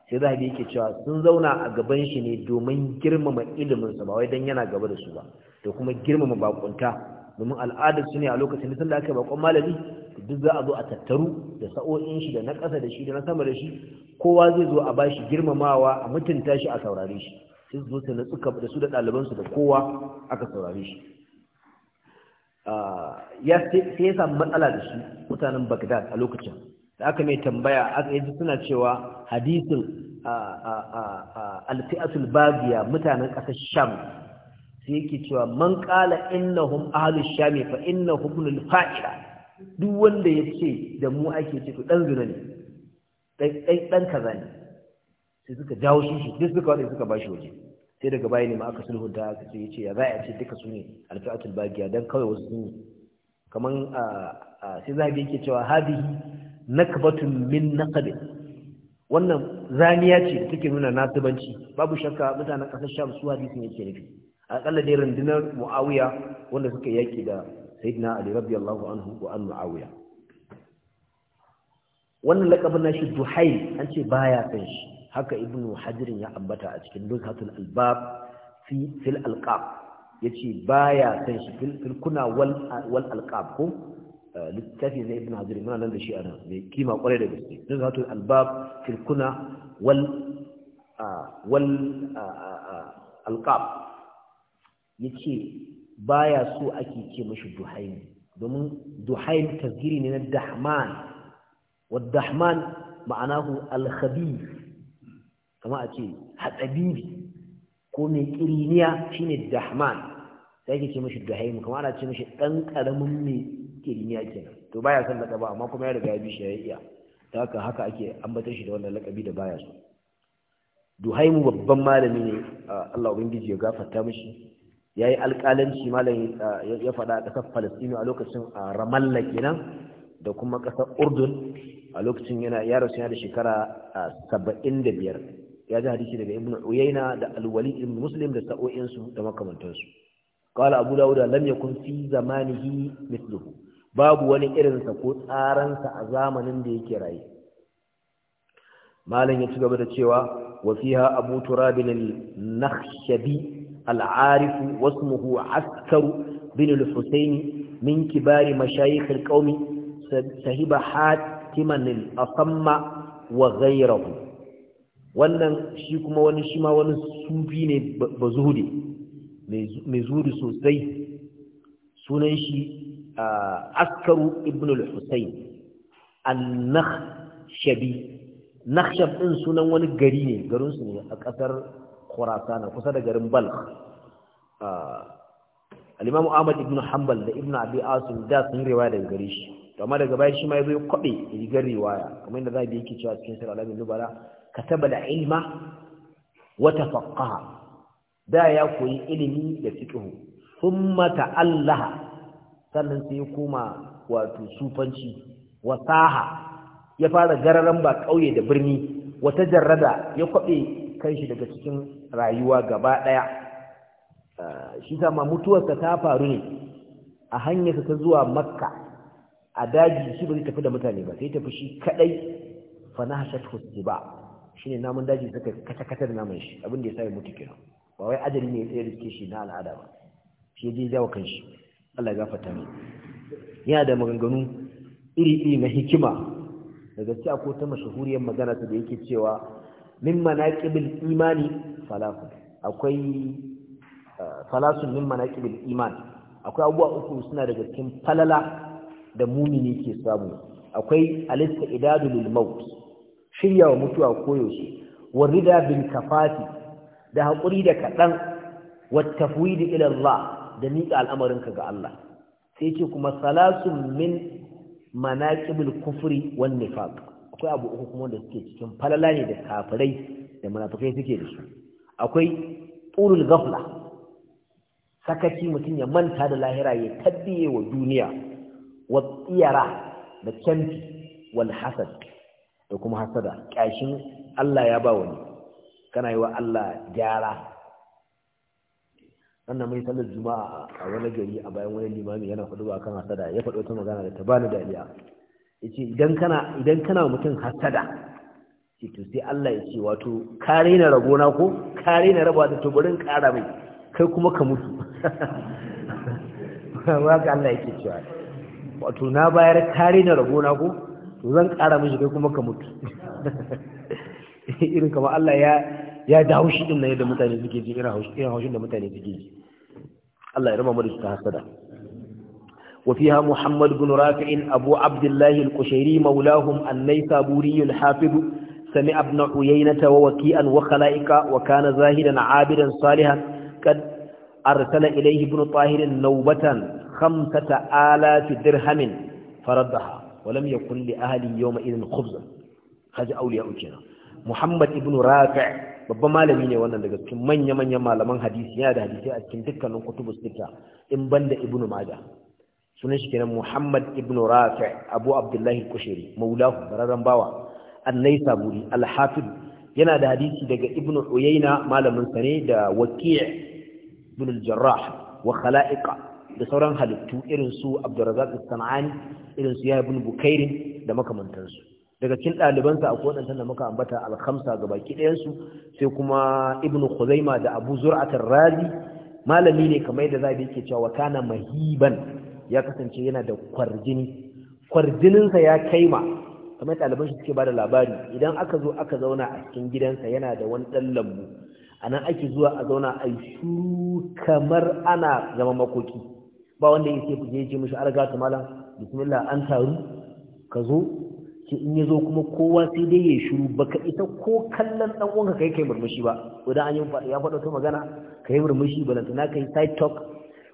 sai zahabi yake cewa sun zauna a gaban shi ne domin girmama iliminsa ba wai don yana gaba da su ba da kuma girmama bakunta domin al'adar su ne a lokacin nisan da aka bakon malami duk za a zo a tattaru da sa'o'in shi da na ƙasa da shi da na sama da shi kowa zai zo a bashi girmamawa a mutunta shi a saurare shi sai zo su tsuka da su da ɗalibansu da kowa aka saurare shi ah, ya sai ya samu matsala da shi mutanen bagdad a lokacin da aka mai tambaya aka yi suna cewa hadisin ah, ah, alfi'atul bagiya mutanen ƙasar sham sai yake cewa man qala innahum ahlus shami fa innahum ibnul fa'ila duk wanda yace da mu ake ce to dan zuna ne dai dan kaza ne sai suka jawo shi shi duk suka wanda suka bashi waje sai daga baya ne ma aka sulhunta aka ce yace ya za ce duka su ne alfi'atul bagiya dan kawai wasu sun kaman sai zahabi yake cewa hadihi nakbatun min naqab wannan zaniya ce da take nuna nasibanci babu shakka mutanen kasar sham su hadisin yake nufi akalla dai rundunar muawiya wanda suka yaki da sayyidina ali radiyallahu anhu wa an muawiya wannan lakabin nashi duhail an ce baya san shi haka ibnu hajirin ya ambata a cikin lughatul albab fi fil alqab yace baya san shi fil kuna wal wal alqab ko eh, littafi na ibnu hajirin muna nan da shi ana mai kima kwarai da gaske lughatul albab fil kuna wal ah, wal ah, ah, alqab yace baya so ake ce mashi duhaim domin duhaim tasgiri ne na dahman ma'ana ma'anahu al-khabir kama a ce hatsabibi ko mai kiriniya shine dahman sai ake ce mashi duhaim kama ana ce mashi ɗan karamin mai kiriniya kenan to baya son laka ba amma kuma ya riga ya bi shari'a ya iya ta haka haka ake ambatar shi da wannan lakabi da baya so duhaimu babban malami ne Allah ubangiji ya gafarta mashi ya yi alƙalanci malam ya faɗa a ƙasar falastinu a lokacin a kenan da kuma ƙasar urdun a lokacin yana yaro yana da shekara saba'in da biyar ya ji hadisi daga ibn uyaina da alwali ibn muslim da sa'o'insu da makamantansu qala abu dawud lam kun fi zamanihi mithluhu babu wani irinsa ko tsaransa a zamanin da yake raye malam ya ci gaba da cewa wa fiha abu turabin al-nakhshabi al'arifu wasmuhu askaru bin al-husaini min kibari mashayikh al sahiba hatiman al-asamma wa wannan shi kuma wani shi wani sufi ne ba zuhudi mai zuhudi sosai sunan shi askaru ibn al-husayn an-nakhshabi sunan wani gari ne Garinsu ne a ƙasar. Khurasan kusa da garin balkh ah, al-imam ahmad ibn hanbal da ibn abi asim da sun riwaya daga gare shi to amma daga bayan shi ma yazo ya kwabe rigar riwaya kamar inda zabi yake cewa cikin sirr al-alamin Lubara kataba al-ilma wa tafaqqaha da ya koyi ilimi da fiqhu thumma ta'allaha sannan sai ya koma wato sufanci wasaha ya fara gararan ba kauye da birni wata jarrada ya kwabe shi daga cikin rayuwa gaba ɗaya ah, shi sama mutuwarsa ta faru ne a hanyarsa ta zuwa makka a daji shi ba zai tafi da mutane ba sai tafi shi kaɗai ba. Shi ne namun daji suka kata-kata da namun shi abin ya sami mutu kenan ba wai ajali ne ya tsaye shi na al'ada ba shi ya je jawo kanshi Allah ya fata ne yana da maganganu iri-iri na hikima da gaske ko ta mashahuriyar magana ta da yake cewa min manaqibul imani falasun akwai eh, falasun min manaqibul iman akwai abubuwa uku suna daga cikin falala da mumini ke samu akwai alista idadu lil maut shirya wa mutuwa koyaushe wa rida bil kafati da haƙuri da kaɗan wa da ila Allah da miƙa al'amarinka ga Allah sai ce kuma salasun min manaqibul kufri wan nifaq akwai abu uku kuma da suke cikin falala ne da kafirai da munafikai suke da su akwai tsurul gafla sakaci mutum ya manta da lahira ya tabbiye wa duniya wa tsiyara da canfi wal hasad da kuma hasada ƙyashin Allah ya ba wani kana yi wa Allah gyara annan mai sallar juma'a a wani gari a bayan wani limami yana faɗo kan hasada ya faɗo ta magana da ta bani dariya yace idan kana idan kana mutum hasada ce to sai Allah ya ce wato ka raina ragona ko ka raina raba da to barin kara mai kai kuma ka mutu wa [laughs] ga Allah yake cewa wato na bayar ka raina ragona ko to zan kara mishi kai kuma ka mutu [laughs] irin kamar Allah ya ya da haushi din na yadda mutane suke ji irin haushin da mutane suke ji Allah ya rama mu da hasada وفيها محمد بن رافع أبو عبد الله القشيري مولاهم النيسابوري الحافظ سمع ابن عيينة ووكيئا وخلائك وكان زاهدا عابدا صالحا قد أرسل إليه ابن طاهر نوبة خمسة آلاف درهم فردها ولم يكن لأهل يومئذ خبزا هذا أولياء الجنة محمد بن رافع babban malami ne wannan daga cikin manya-manyan malaman hadisi yana da hadisi a cikin dukkanin kutubus dika in banda ibnu majah sunan shi kenan Muhammad ibn Rafi Abu Abdullahi Kushiri maulahu bararran bawa an-Naisaburi al-Hafiz yana da hadisi daga Ibn Uyayna malamin sa ne da Waqi' ibn al-Jarrah wa da sauran halittu irin su Abdurrazzaq al-San'ani irin su Yahya ibn Bukair da makamantansu daga cikin ɗalibansa a kowaɗansa da muka ambata alhamsa ga baki ɗayansu sai kuma ibnu khuzaima da abu zur'atar razi malami ne kamar yadda zabi yake cewa kana mahiban ya kasance yana da kwarjini kwarjininsa ya kaima kamar ɗaliban shi suke ba da labari idan aka zo aka zauna a cikin gidansa yana da wani ɗan lambu a nan ake zuwa a zauna a shuru kamar ana zama makoki ba wanda ya ku je ce mishi arga malam bismillah an taru ka zo ki in ya zo kuma kowa sai dai ya shuru baka ita ko kallon ɗan uwanka kai kai murmushi ba idan an yi ya faɗa ta magana kai murmushi balantana kai side talk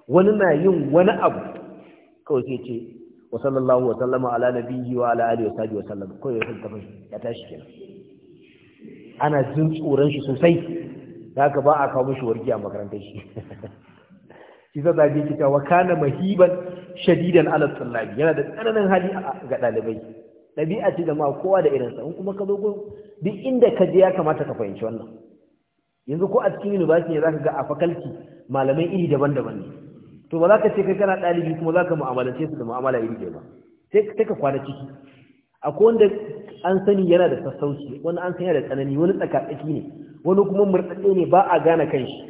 wani na yin wani abu kawai sai ce wa sallallahu wa sallama ala nabiyyi wa ala alihi wa sahbihi wa sallam kawai sai ta fashi ya tashi kenan ana jin tsoron shi sosai haka ba a kawo mishi wargi a makarantar shi [laughs] shi sa zage ki ta wa kana mahiban shadidan ala tsallabi yana da tsananin hali ga dalibai ɗabi'a ce da ma kowa da irinsa in kuma ka zo gun duk inda ka je ya kamata ka fahimci wannan yanzu ko a cikin university ne zaka ga a faculty malamai iri daban-daban ne to ba za ka ce kai kana ɗalibi kuma za ka mu'amalance su da mu'amala iri ɗaya ba sai ka kwana ciki akwai wanda an sani yana da sassauci wani an sani yana da tsanani wani tsakatsaki ne wani kuma murɗaɗɗe ne ba a gane kanshi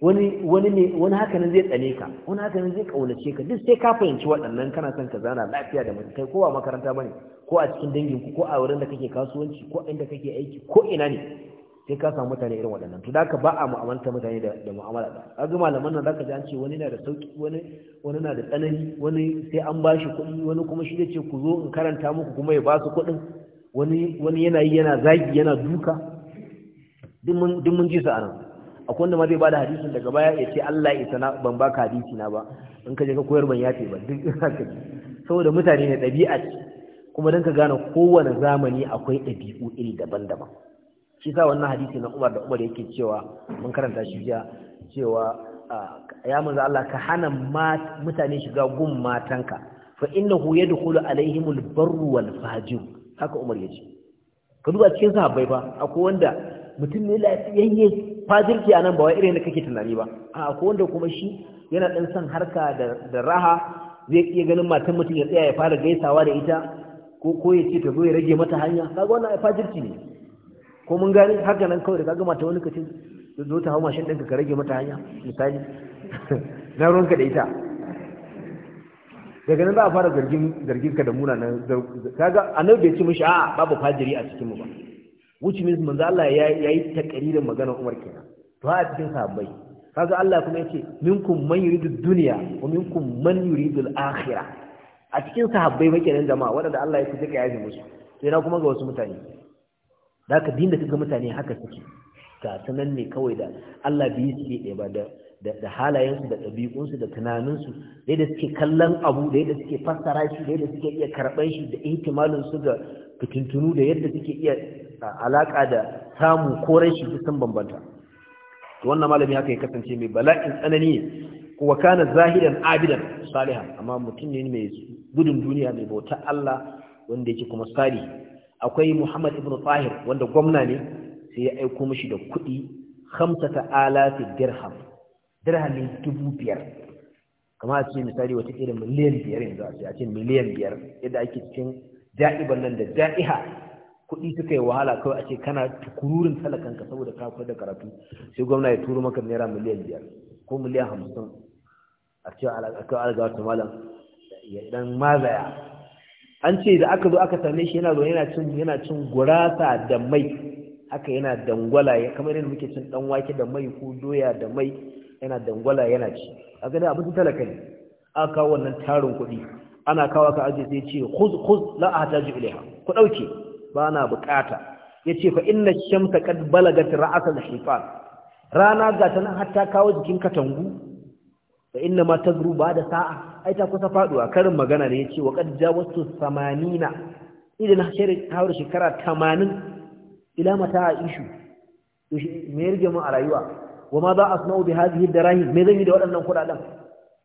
wani wani ne wani haka nan zai tsane ka wani haka nan zai kaunace ka duk sai ka fahimci waɗannan kana son ka zana lafiya da mutum kai ko a makaranta bane ko a cikin danginku ko a wurin da kake kasuwanci ko inda kake aiki ko ina ne sai ka samu mutane irin waɗannan to ka ba a mu'amalta mutane da mu'amala da kaga malaman nan zaka ji an ce wani na da sauki wani wani na da tsanani wani sai an bashi kuɗi wani kuma shi yace ku zo in karanta muku kuma ya basu kuɗin wani wani yana yi yana zagi yana duka duk mun duk mun ji su anan akwai wanda ma zai bada hadisin daga baya ya ce Allah ya sana ban baka hadisi na ba in ka je ka koyar ban yafe ba duk haka saboda mutane ne ɗabi'a kuma dan ka gane kowane zamani akwai ɗabi'u iri daban-daban shi sa wannan hadisi na Umar da Umar yake cewa mun karanta shi jiya cewa ah, ya manzo Allah ka hana mutane shiga gun matanka fa innahu yadkhulu alaihimul barru wal fajir haka Umar yace ka duba cikin sahabbai ba akwai wanda mutum ne lafiyayye fajirki anan ba wai irin da kake tunani ba a akwai wanda kuma shi yana dan son harka da da raha zai iya ganin matan mutum ya tsaya ya fara gaisawa da ita ko ko ya ce ta zo ya rage mata hanya kaga wannan fajirki ne ko mun gani haka nan kawai da ka gama ta wani kace zo ta hau mashin ɗinka ka rage mata hanya misali [laughs] na ruwanka da ita daga nan za a fara zargin ka da munanan kaga nan bai ci mishi a'a babu fajiri a cikin mu ba which means manzo Allah ya yi takaririn magana Umar kenan to a cikin sahabbai kaga Allah kuma yace minkum man yuridu dunya wa minkum man yuridu al-akhirah a cikin sahabbai ba kenan jama'a wanda Allah ya fi duka yaji musu sai na kuma ga wasu mutane da ka dinda kaga mutane haka suke ta sanan ne kawai da Allah biyu suke ɗaya ba da da halayensu da ɗabi'unsu da tunaninsu da suke kallon abu da yadda suke fassara shi da yadda suke iya karɓar shi da ihtimalin su ga fitintunu da yadda suke iya alaƙa da samu ko rashi duk sun bambanta to wannan malami haka ya kasance mai bala'in tsanani kuwa kana zahidan abidan salihan amma mutum ne mai gudun duniya mai bauta Allah wanda yake kuma salihi akwai Muhammad ibn Tahir wanda gwamna ne sai ya aiko mashi da kuɗi hamsata alafi dirham dirhamin dubu biyar kama a ce misali wata irin miliyan biyar yanzu a ce miliyan biyar yadda ake cikin da'iba nan da daiha kuɗi suka yi wahala kawai a ce kana tukururin talakanka saboda ka koyar da karatu sai gwamna ya turo maka naira miliyan biyar ko miliyan hamsin a ce a kawai wata malam ya dan mazaya an ce da aka zo aka same shi yana zo yana cin yana cin gurasa da mai haka yana dangwala ya kamar yadda muke cin dan wake da mai ko doya da mai yana dangwala yana ci a gani abincin talaka ne aka kawo wannan tarin kuɗi ana kawo ka aje sai ce khuz khuz la ahtaju ilaiha ku dauke ba na bukata yace fa inna shamsa qad balagat ra'sal hifan rana ga ta nan kawo jikin katangu fa inna ma tazru ba da sa'a ai ta kusa faduwa karin magana ne yace wa qad jawaztu 80 idan har har shekara 80 ila mata aishu me yarge mu a rayuwa wa ma za asna'u bi hadhihi darahim me zan yi da waɗannan kudaden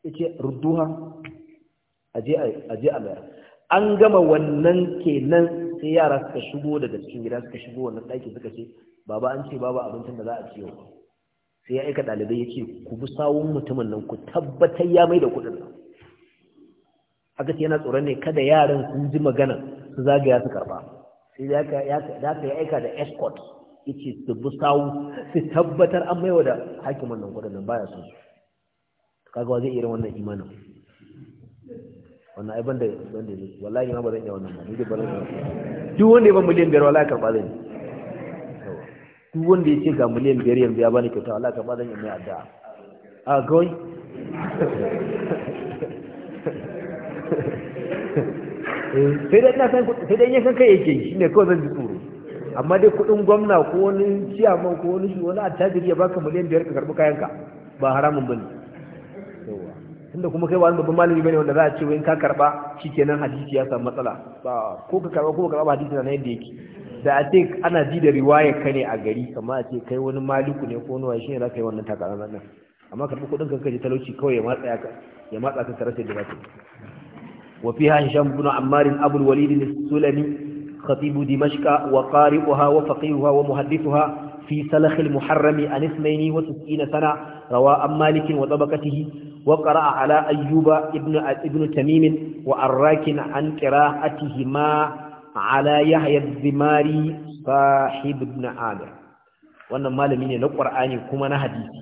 yace rudduha aje aje alayar an gama wannan kenan sai yara suka shigo daga cikin gida suka shigo wannan daki suka ce baba an ce baba abincin da za a ci yau sai ya aika ɗalibai yace ku bi sawun mutumin nan ku tabbatar ya mai da kuɗin nan aka ce yana tsoron ne kada yaran sun ji magana su zagaya su karba sai za ka yi aika da escort yace su bi sawu su tabbatar an maiwa da hakiman nan kudannan baya son su kaga zai irin wannan imanin wannan ai banda banda wallahi ma ba zan iya wannan ba ni da zan duk wanda ya ba miliyan biyar wallahi karba zan duk wanda ya ce ga miliyan biyar yanzu ya bani kyauta wallahi karba zan iya mai addu'a a gawai sai dai ina yankan kai yake shi ne kawai zan ji tsoro amma dai kuɗin gwamna ko wani ciyaman ko wani shi wani attajiri ya baka miliyan biyar ka karɓi kayanka ba haramun bane tunda kuma kai ba wani babban malami bane wanda za a ce wai ka karba shikenan hadisi ya samu matsala ba ko ka karba ko ka karba hadisi na yadda yake da a ce ana ji da riwaya ka ne a gari kama a ce kai wani maliku ne ko wani wani shine za ka yi wannan takarar nan amma karbi kudin ka kaje talauci kawai ya matsa ka ya matsa ka rasa da zaka وفيها هشام بن عمار أبو الوليد السلمي خطيب دمشق وقارئها وفقيهها ومحدثها في سلخ المحرم عن اثنين وتسعين سنة روى عن مالك وطبقته وقرأ على أيوب ابن, ابن تميم وأراك عن قراءتهما على يحيى الزماري صاحب ابن عامر wannan malami ne na ƙwar'ani kuma na hadisi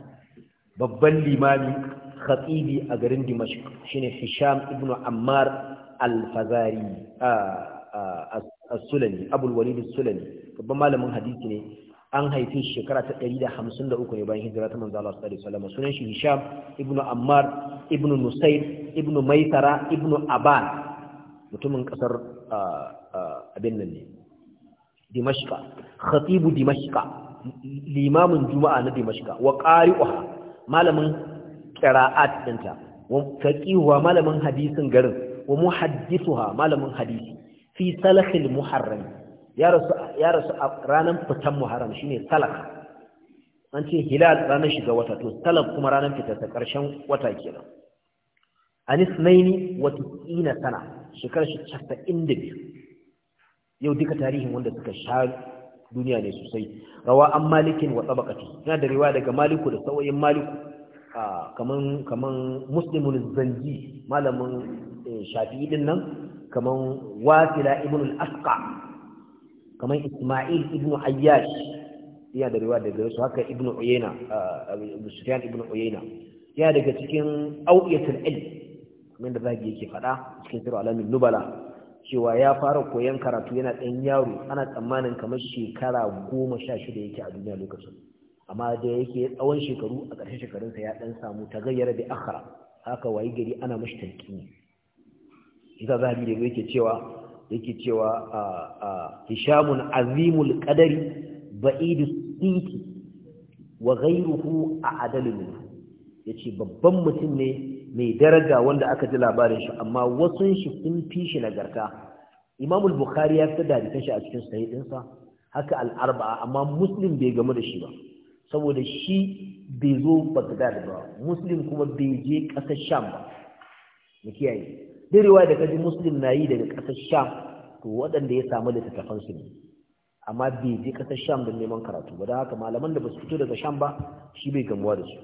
babban limami khatibi a garin dimashq shine hisham ibn ammar al-fazari as-sulami abul walid as babban malamin hadisi ne an haife shi shekara ta 153 ne bayan hijira ta manzo Allah sallallahu alaihi wasallam sunan shi Hisham ibn Ammar ibn Nusayb ibn Maisara ibn Aban mutumin kasar abin nan ne Dimashqa khatibu Dimashqa limamin juma'a na Dimashqa wa qari'uha malamin qira'at dinta wa faqihu malamin hadisin garin wa muhaddithuha malamin hadisi fi salakhil muharram ya rasu a ranar ranan fitan muharram shine salakh an ce hilal ranan shiga wata to salak kuma ranar fitar ta ƙarshen wata kenan an isnaini wa tis'ina sana shekarar shi 92 yau duka tarihin wanda suka sha duniya ne sosai rawa an malikin wa tsabakati yana da riwaya daga maliku da sauyin maliku kaman kaman muslimun zanji malamin eh, shafi'i din nan kaman wasila ibn al-asqa kaman isma'il ibn ayyash ya da riwaya daga su haka ibn uyayna abu sufyan ibn uyayna ya daga cikin auqiyatul ilm kamar da zagi yake fada cikin sirr alamin nubala cewa ya fara koyon karatu yana ɗan yaro ana tsammanin kamar shekara goma sha shida yake a duniya lokacin amma da yake tsawon shekaru a ƙarshen shekarunsa ya ɗan samu ta gayyara da akhara haka wayi gari ana mashi talƙini ita zahabi da yake cewa yake cewa hishamun azimul qadari ba'idus siti wa ghayruhu a adalin yace babban mutum ne mai daraja wanda aka ji labarin shi amma wasun shi sun fi shi nagarta imamu Imamul bukhari ya tada da hadisan shi a cikin sahihinsa haka al-Arba'a amma Muslim bai gamu da shi ba saboda shi bai zo Baghdad ba muslim kuma bai je ƙasar Sham ba mu kiyaye duk riwaya da kaji muslim na yi daga ƙasar Sham to waɗanda ya samu littattafan su ne amma bai je ƙasar Sham don neman karatu ba don haka malaman da ba su fito daga Sham ba shi bai gamuwa da su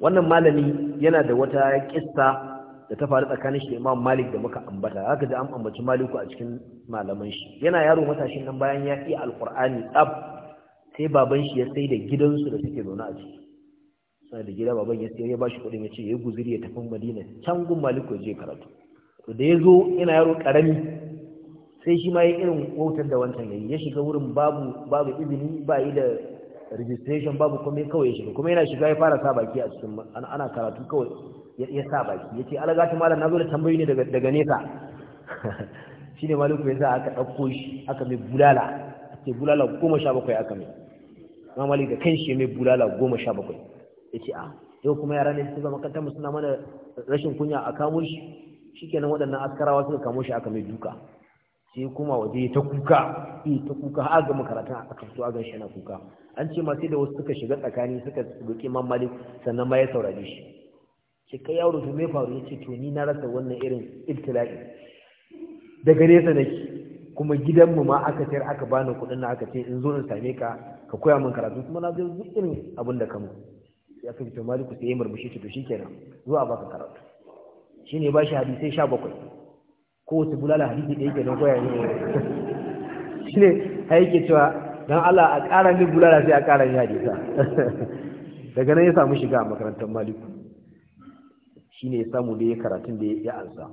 wannan malami yana da wata kissa da ta faru tsakanin shi da Imam Malik da muka ambata haka da an ambaci Maliku a cikin malaman shi yana yaro matashin nan bayan ya iya Alƙur'ani tsab sai baban shi ya sai da gidansu da suke zaune a ciki sai da gida baban ya sai ya bashi kuɗin ya ce ya guzuri ya tafi madina can gun maliku je karatu to da ya zo yana yaro karami sai shi ma ya irin wautar da wancan yayi ya shiga wurin babu babu izini ba yi da registration babu komai kawai ya shiga kuma yana shiga ya fara sa baki a cikin ana karatu kawai ya sa baki yace alagati malam nazo da tambayoyi ne daga daga nesa [laughs] shine maliku yasa aka dauko shi aka mai bulala ce bulala goma sha bakwai aka mai mamali da kan shi mai bulala goma sha bakwai ya ce a yau kuma yara ne zama kanta mu suna mana rashin kunya a kamo shi shikenan waɗannan askarawa suka kamo shi aka mai duka sai kuma waje ta kuka eh ta kuka har ga makarata a fito su agan yana kuka an ce ma sai da wasu suka shiga tsakani suka roki mamali malik sannan ma ya saurare shi ce kai yaro to me faru ya ce to ni na rasa wannan irin ibtila'i daga nesa nake kuma gidanmu ma aka tayar aka bani kuɗin na aka ce in zo in same ka ka koya min karatu kuma na zai duk irin abin da kamu ya fi fito maliku sai ya murmushi ta to shikenan zo a baka karatu shine ba shi hadisai 17 wata bulala hadisi da yake don koya ne [laughs] shine har yake cewa dan Allah a ƙara min bulala sai a ƙara min hadisa [laughs] daga nan ya samu shiga a makarantar maliku shine ya samu da ya karatun da ya ansa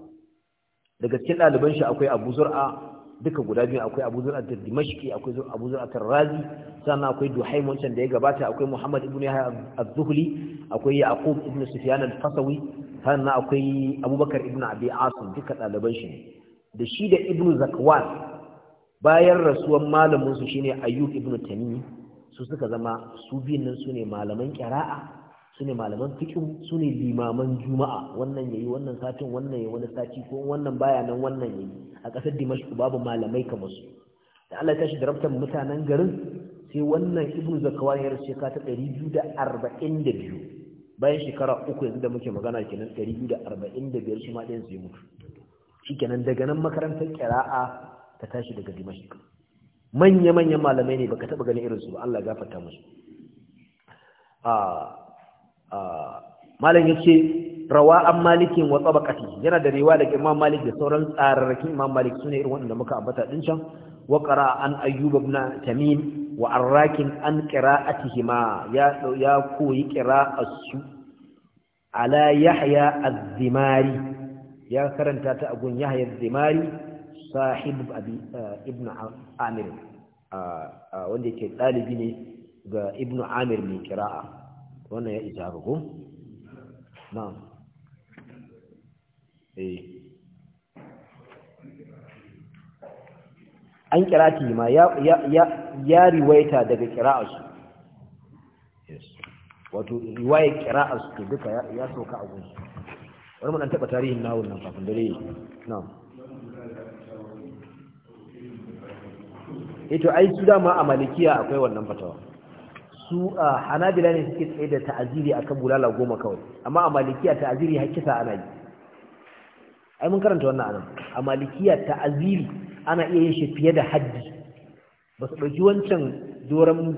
daga cikin ɗaliban shi akwai abu zur'a duka guda biyu akwai abu zur'at dimashki akwai abu zur'at razi sannan akwai duhaim wancan da ya gabata akwai muhammad ibn yahya az-zuhli akwai yaqub ibn sufyan al-fasawi sannan akwai abubakar ibn abi asim duka ɗaliban shi ne da shi da ibn zakwan bayan rasuwan malamin su shine ayyub ibn tamimi su suka zama su biyun nan su ne malaman qira'a su ne malaman fikin su ne limaman juma'a wannan yayi wannan satin wannan ya wani sati ko wannan baya nan wannan yayi a ƙasar dimashq babu malamai kamar su da Allah ya tashi da rabtan mutanen garin sai wannan ibnu zakawani ya rasu shekara ta 242 bayan shekara uku yanzu da muke magana kenan 245 shi ma ɗayan sai mutu shikenan daga nan makarantar ƙira'a ta tashi daga dimashq manya-manyan malamai ne baka taɓa ganin irinsu ba Allah gafarta musu ah, Ah, malam yace rawa an malikin wa tsabakati yana da rewa da imam malik da sauran tsararrakin imam malik sune irin wanda muka ambata din can wa qara an ayyub ibn tamim wa arrakin an qira'atihima ya ya koyi su ala yahya az-zimari ya karanta ta agun yahya az-zimari sahib abi eh, ibn amir ah, ah, wanda yake dalibi ne ga ibn amir mai qira'a wannan ya isa haka ko eh an kirati ma ya ya ya riwaita daga qira'arsu yes wato riwaya ke duka ya soka a gunsu wani mun an taba tarihin na nan kafin dare na ito eh ai su dama a malikiya akwai wannan fatawa su a hanabila ne suke tsaye da ta'aziri kan bulala goma kawai amma a malikiya ta'aziri har ana yi ai mun karanta wannan anan a malikiya ta'aziri ana iya yin shi fiye da haddi ba su ɗauki wancan doron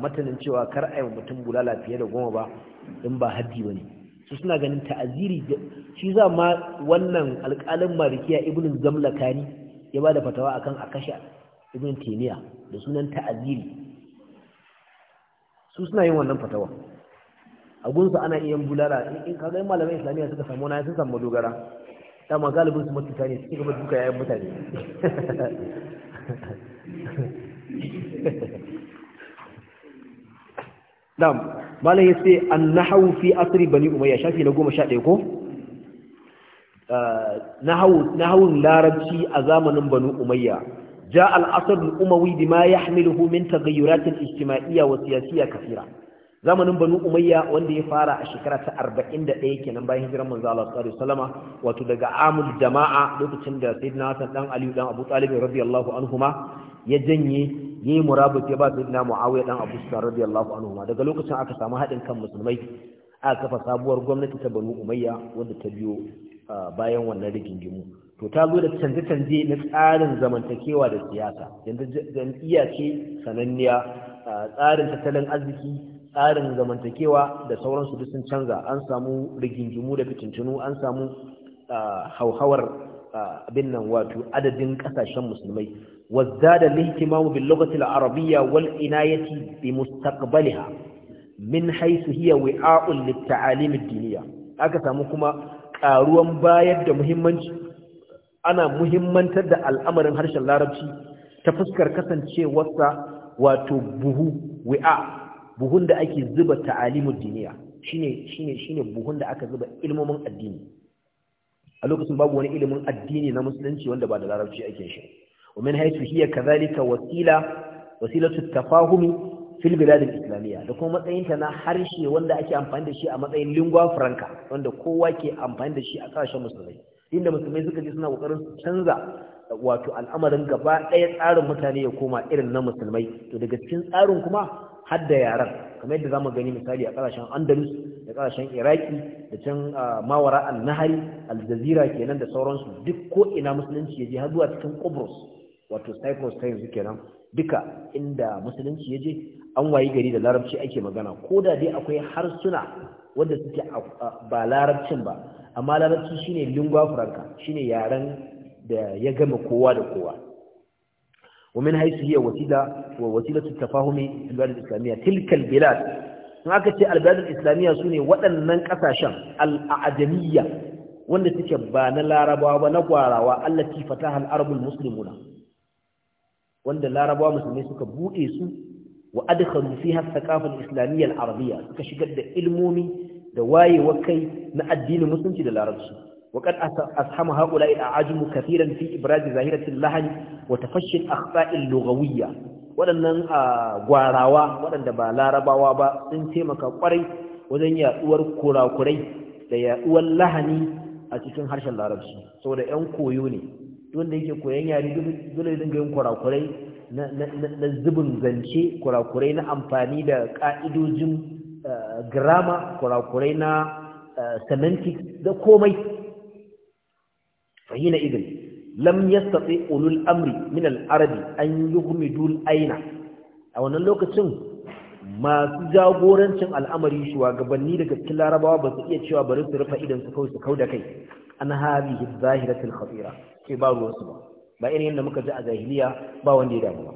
matanin cewa kar a yi mutum bulala fiye da goma ba in ba haddi ba ne su suna ganin ta'aziri shi za ma wannan alƙalin malikiya ibnin zamlakani ya ba da fatawa akan akasha kashe teniya da sunan ta'aziri su suna yin wannan fatawa a gunsa ana iya bulala in kaga yin malamai islamiyya suka samu na sun samu dogara dama galibin su matuta ne suke gaba duka yayin mutane dam [laughs] malam na hau fi asiri bani umayya shafi na goma sha ɗaya ko ah, Na hau larabci a zamanin bani umayya جاء العصر الأموي بما يحمله من تغيرات اجتماعية وسياسية كثيرة زمن بنو أمية وندي فارع شكرة أربعين دقيقة نباي هجرة من زالة صلى الله عليه وسلم وتدقى عام الجماعة لو تشند سيدنا حسن دان علي دان أبو طالب رضي الله عنهما يجني yi murabut ya ba sayyidina Muawiya dan Abu Sufyan radiyallahu anhu daga lokacin aka samu haɗin kan musulmai aka kafa sabuwar gwamnati ta Banu Umayya wadda ta biyo bayan wannan rigingimu to ta zo da canje-canje na tsarin zamantakewa da siyasa yanzu jam'iyya ce sananniya tsarin tattalin arziki tsarin zamantakewa da sauransu duk sun canza an samu rigingimu da fitintunu an samu hauhawar abin nan wato adadin kasashen musulmai wazzada lihtimamu bi lughati al arabiyya wal inayati bi mustaqbaliha min haisu hiya wi'a'un lit ta'alim ad-diniyya aka samu kuma karuwan bayar da muhimmanci ana muhimmantar da al'amarin harshen larabci ta fuskar kasancewarsa wato buhu wi'a buhun da ake zuba ta'alimud duniya, shine shine shine buhun da aka zuba ilmomin addini a lokacin babu wani ilimin addini na musulunci wanda ba da larabci ake shi ومن حيث wasila كذلك وسيله وسيله التفاهم في البلاد الاسلاميه da kuma matsayin ta na harshe wanda ake amfani da shi a matsayin lingua franca wanda kowa ke amfani da shi a kasashen musulmai inda musulmai suka ji suna kokarin su canza wato al'amarin gaba ɗaya tsarin mutane ya koma irin na musulmai to daga cikin tsarin kuma har da yaran kamar yadda zamu gani misali a ƙasashen andalus da ƙasashen iraki da can mawara al-nahari al-jazira kenan da sauransu duk ko ina musulunci ya je har zuwa cikin kubrus wato cyprus ta yanzu kenan duka inda musulunci ya je an wayi gari da larabci ake magana ko da dai akwai harsuna wanda suke ba larabcin ba amma larabci shine lingua franca shine yaren da ya gama kowa da kowa ومن حيث هي وسيلة ووسيلة التفاهم البلاد الإسلامية تلك البلاد aka ce الإسلامية سنة sune ننقص شم الأعجمية wanda suke ba na larabawa ba na gwarawa allati fatahal arabul musulmuna. wanda larabawa musulmai suka bude su wa adkhalu fiha thaqafa al-islamiyya arabiyya suka shigar da ilmomi da wayewa kai na addinin musulunci da larabci وقد أسهم هؤلاء الأعاجم fi في إبراز lahani wata fashin الأخطاء اللغوية waɗannan gwarawa waɗanda ba larabawa ba sun taimaka ƙwarai wajen yaɗuwar kurakurai da yaɗuwar lahani a cikin harshen larabci saboda 'yan koyo ne wanda yake koyon yare dole dinga yin kurakurai na zubin zance kurakurai na amfani da ƙa'idojin Eh, grammar kurakurai na eh, semantics da komai fahina idin lam yastati ulul amri min al-arabi an yughmidu aina a wannan lokacin masu jagorancin al'amari shugabanni daga cikin larabawa ba su iya cewa bari su rufa idan su kawai su kau da kai an hadhihi zahiratul khatira ce ba ruwansu ba ba irin yadda muka ji a jahiliya ba wanda ya damu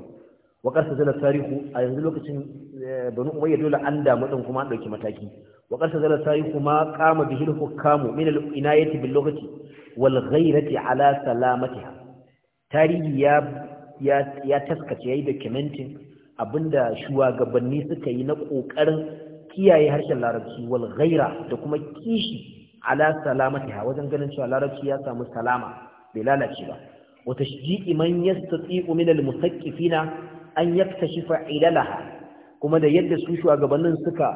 ba sa qad tarihu a yanzu lokacin Eh, banu umayya dole an damu din kuma an dauki mataki wa qad tazala sayi kuma kama bihi da hukamu min al-inayati bil lughati wal ghayrati ala salamatiha tarihi ya ya taskace yayi documenting abinda shugabanni suka yi na kokarin kiyaye harshen larabci wal ghaira da kuma kishi ala salamatiha wajen ganin cewa larabci ya samu salama bai lalace ba wa tashji'i man yastati'u min al-musaqqifina an yaktashifa ilalaha kuma da yadda su shugabannin suka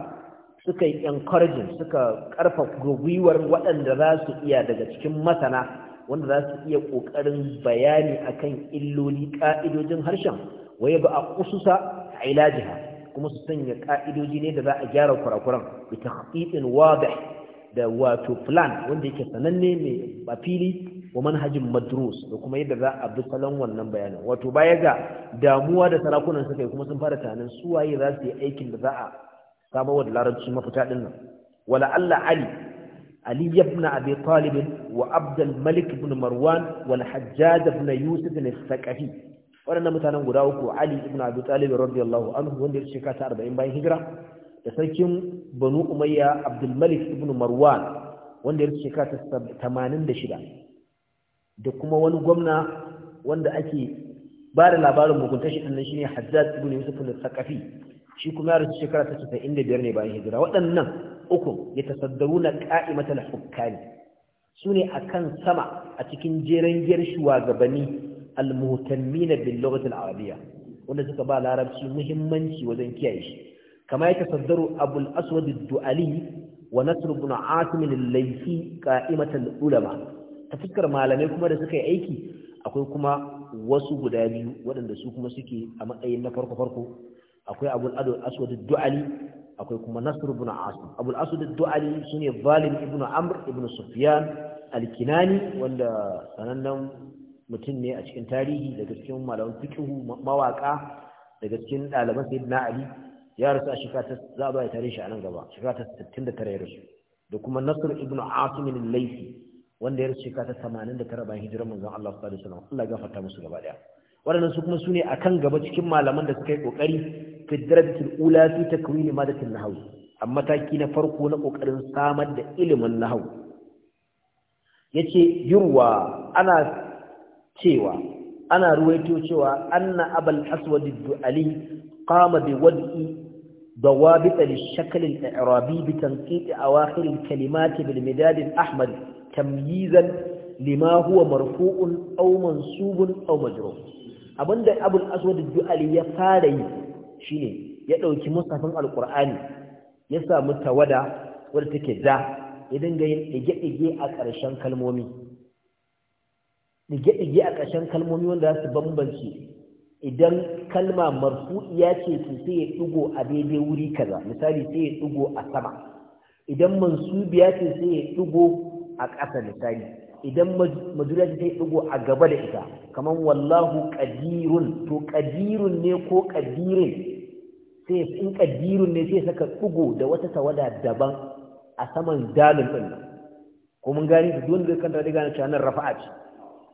suka yi encouraging suka karfafa gwiwar waɗanda za su iya daga cikin masana wanda za su iya ƙoƙarin bayani akan illoli ƙa'idojin harshen waye ba a kususa ilajiha kuma su sanya ƙa'idoji ne da za a gyara kurakuran bi takhtitin wadih da wato plan wanda yake sananne mai fili wa manhajin madrus da kuma yadda za a bi salon wannan bayanin wato baya ga damuwa da sarakunan suka yi kuma sun fara tunanin su waye za su yi aikin da za a samarwa da larabci mafita din nan wala Allah Ali Ali ibn Abi Talib wa Abdul Malik ibn Marwan wal Hajjaj ibn Yusuf ibn Thaqafi waɗannan mutanen guda uku Ali ibn Abi Talib radiyallahu anhu wanda ya shekara ta 40 bayan hijira da sarkin Banu Umayya Abdul Malik ibn Marwan wanda ya shekara ta 86 da kuma wani gwamna wanda ake ba da labarin mugunta shi ɗannan shi ne haddad ibn yusuf al-saqafi shi kuma ya rasu shekara ta casa'in da biyar ne bayan hijira waɗannan uku ya tasaddaru na ƙa'imatar hukkani su ne a kan sama a cikin jeren giyar shugabanni al-muhtammi na billagat arabiya wanda suka ba larabci muhimmanci wajen kiyaye shi kama ya tasaddaru abul aswad ad-du'ali wa nasr ibn asim al-laythi qa'imatul ulama ta fuskar malamai kuma da suka yi aiki akwai kuma wasu guda biyu waɗanda su kuma suke a matsayin na farko farko akwai abul aswad du'ali akwai kuma nasr ibn asim abul aswad du'ali sune zalim ibn amr ibn Sufiyan, al-kinani wanda sanannen mutum ne a cikin tarihi daga cikin malaman fiqh mawaka daga cikin ɗaliban sayyidina ali ya rasu a shekara ta za a ba ya tare shi a nan gaba shekara ta 69 ya rasu da kuma nasr ibn asim Laifi. wanda ya rasu ta 89 bayan hijirar manzon Allah sallallahu alaihi wasallam Allah ya gafarta musu gaba ɗaya waɗannan su kuma a akan gaba cikin malaman da suka yi kokari fi darajatul ula fi takwini madatin nahwu a mataki na farko na ƙoƙarin samar da ilimin nahwu yace yurwa ana cewa ana ruwaito cewa anna abal aswad ad-du'ali qama bi wad'i ضوابط للشكل الإعرابي بتنقيط أواخر الكلمات بالمداد الأحمد tamyizan lima huwa marfu'un aw mansubun aw majrur abinda abul aswad du'ali ya fara yi shine ya dauki musafin alqur'ani ya samu tawada wadda take da ya dinga yin dige-dige a ƙarshen kalmomi dige-dige a ƙarshen kalmomi wanda za su bambance idan kalma marfu'iya ce to sai ya digo a daidai wuri kaza misali sai ya digo a sama idan mansubiya ce sai ya digo a ƙasa misali idan majuriya ta yi ɗigo a gaba da ita kamar wallahu ƙadirun to ƙadirun ne ko ƙadirin sai in ƙadirun ne sai saka ɗigo da wata tawada daban a saman dalin ɗin ko mun gani da dole zai kanta daga cewa nan rafa'a ce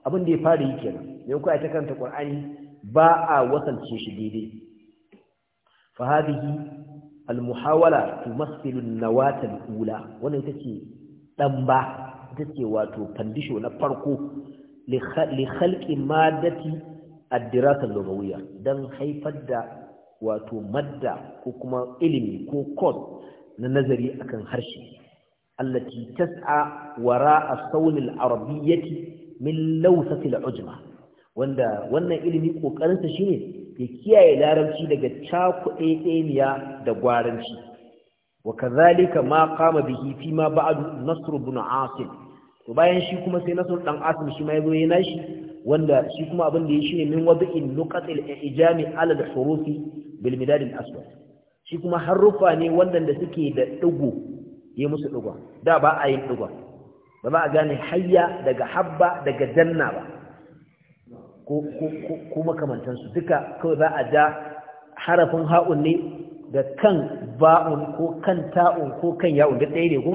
abin da ya fara yi kenan yau ko a ta karanta ƙurani ba a wasance shi daidai fa hadhihi al muhawala tumassilu an-nawata al-ula wannan tace ɗan ba ita ce wato fandisho na farko li khalqi madati ad-dirasa dan haifar da wato madda ko kuma ilimi ko course na nazari akan harshe allati tas'a a saunil arabiyyati min lawsati al-ujma wanda wannan ilimi kokarinsa shine ya kiyaye larabci daga cakuɗe ɗeniya da gwaranci وكذلك ما قام به فيما بعد نصر بن عاصم to bayan shi kuma sai nasarar dan asim shi ma yazo yana nashi? wanda shi kuma abin da ya shi ne min wad'in nuqatil ijami ala al-huruf bil aswad shi kuma harufa ne wanda suke da digo ya musu digo da ba a yin ɗigo ba ba a gane hayya daga habba daga janna ba ko ko duka kawai za a da harafin ha'un ne da kan ba'un ko kan ta'un ko kan ya'un da ɗaya ne ko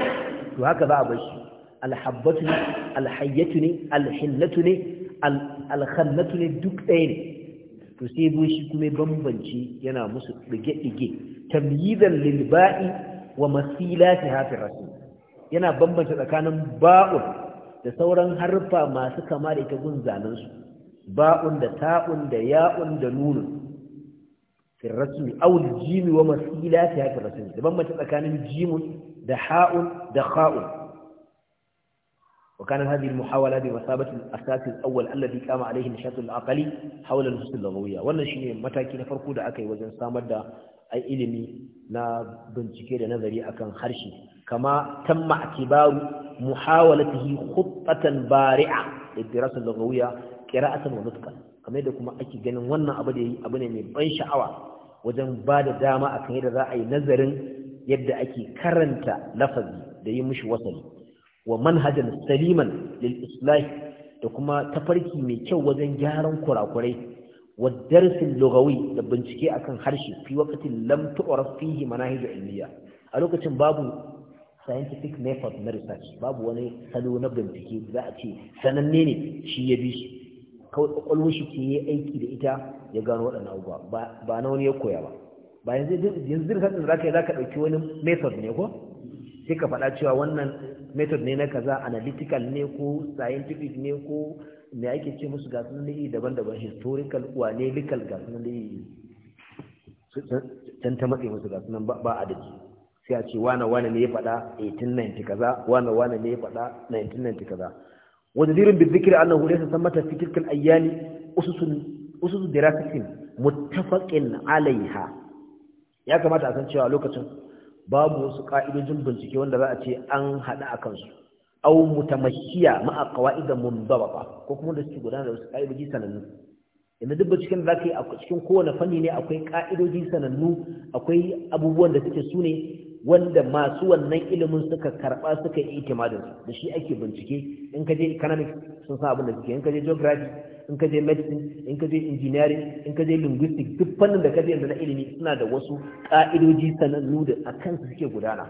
to haka za a bar shi alhabbatu ne alhayyatu ne alhillatu ne ne duk ɗaya ne to sai bai shi kuma bambanci yana musu ɗige-ɗige tamyizan lilba'i wa wa masilati hafi rasu yana bambance tsakanin ba'un da sauran harfa masu kama da ita gun zanensu ba'un da ta'un da ya'un da nunun fi rasmi aw al-jim wa masilatiha fi rasmi da bambanta tsakanin jimun da ha'un da kha'un وكان هذه المحاولة بمثابة الأساس الأول الذي قام عليه النشاط العقلي حول النصوص اللغوية wannan shine mataki na farko da aka yi wajen samar da ai ilimi na bincike da nazari akan harshe kama tamma atibaru muhawalatihi khuttatan bari'a lidirasa lughawiyya qira'atan wa nutqan kamar da kuma ake ganin wannan abu da yi abu ne mai ban sha'awa wajen ba da dama a kan yadda za a yi nazarin yadda ake karanta lafazi da yi mushi wasali wa manhajan saliman lil islahi da kuma tafarki mai kyau wajen gyaran kurakurai wa darsin lugawi da bincike akan harshe fi waqtin lam tu'raf fihi manahij ilmiya a lokacin babu scientific method na research babu wani salo na bincike za a ce sananne ne shi ya bi shi kawai kwakwalwar shi ke yi aiki da ita ya gano waɗannan abubuwa ba na wani ya koya ba ba yanzu da sanin za ka yi za ka ɗauki wani method ne ko sai ka faɗa cewa wannan method ne na kaza analytical ne ko scientific ne ko me ake ce musu ga sunan yi daban-daban historical wane likal ga sunan iri can ta matse musu ga sunan ba adadi sai a ce wane wane ne ya faɗa 1890 kaza wane wane ne ya faɗa 1990 kaza wanda zirin bizikir annahu san mata fitilkan ayyani usu sun usul dirasatin muttafaqin alaiha ya kamata a san cewa lokacin babu wasu ka'idojin bincike wanda za a ce an hada akan su aw mutamashiya ma qawaid mundabata ko kuma da suke gudanar da wasu ka'idoji sanannu inda duk binciken da zaka yi a cikin kowane fanni ne akwai ka'idoji sanannu akwai abubuwan da suke sune wanda masu wannan ilimin suka karba suka yi itimadin da shi ake bincike in ka je economics sun sa abin da suke in ka je geography in ka je medicine in ka je engineering in ka je Linguistic. duk fannin da ka je yanzu na ilimi suna da wasu ka'idoji sanannu da a kansu suke gudana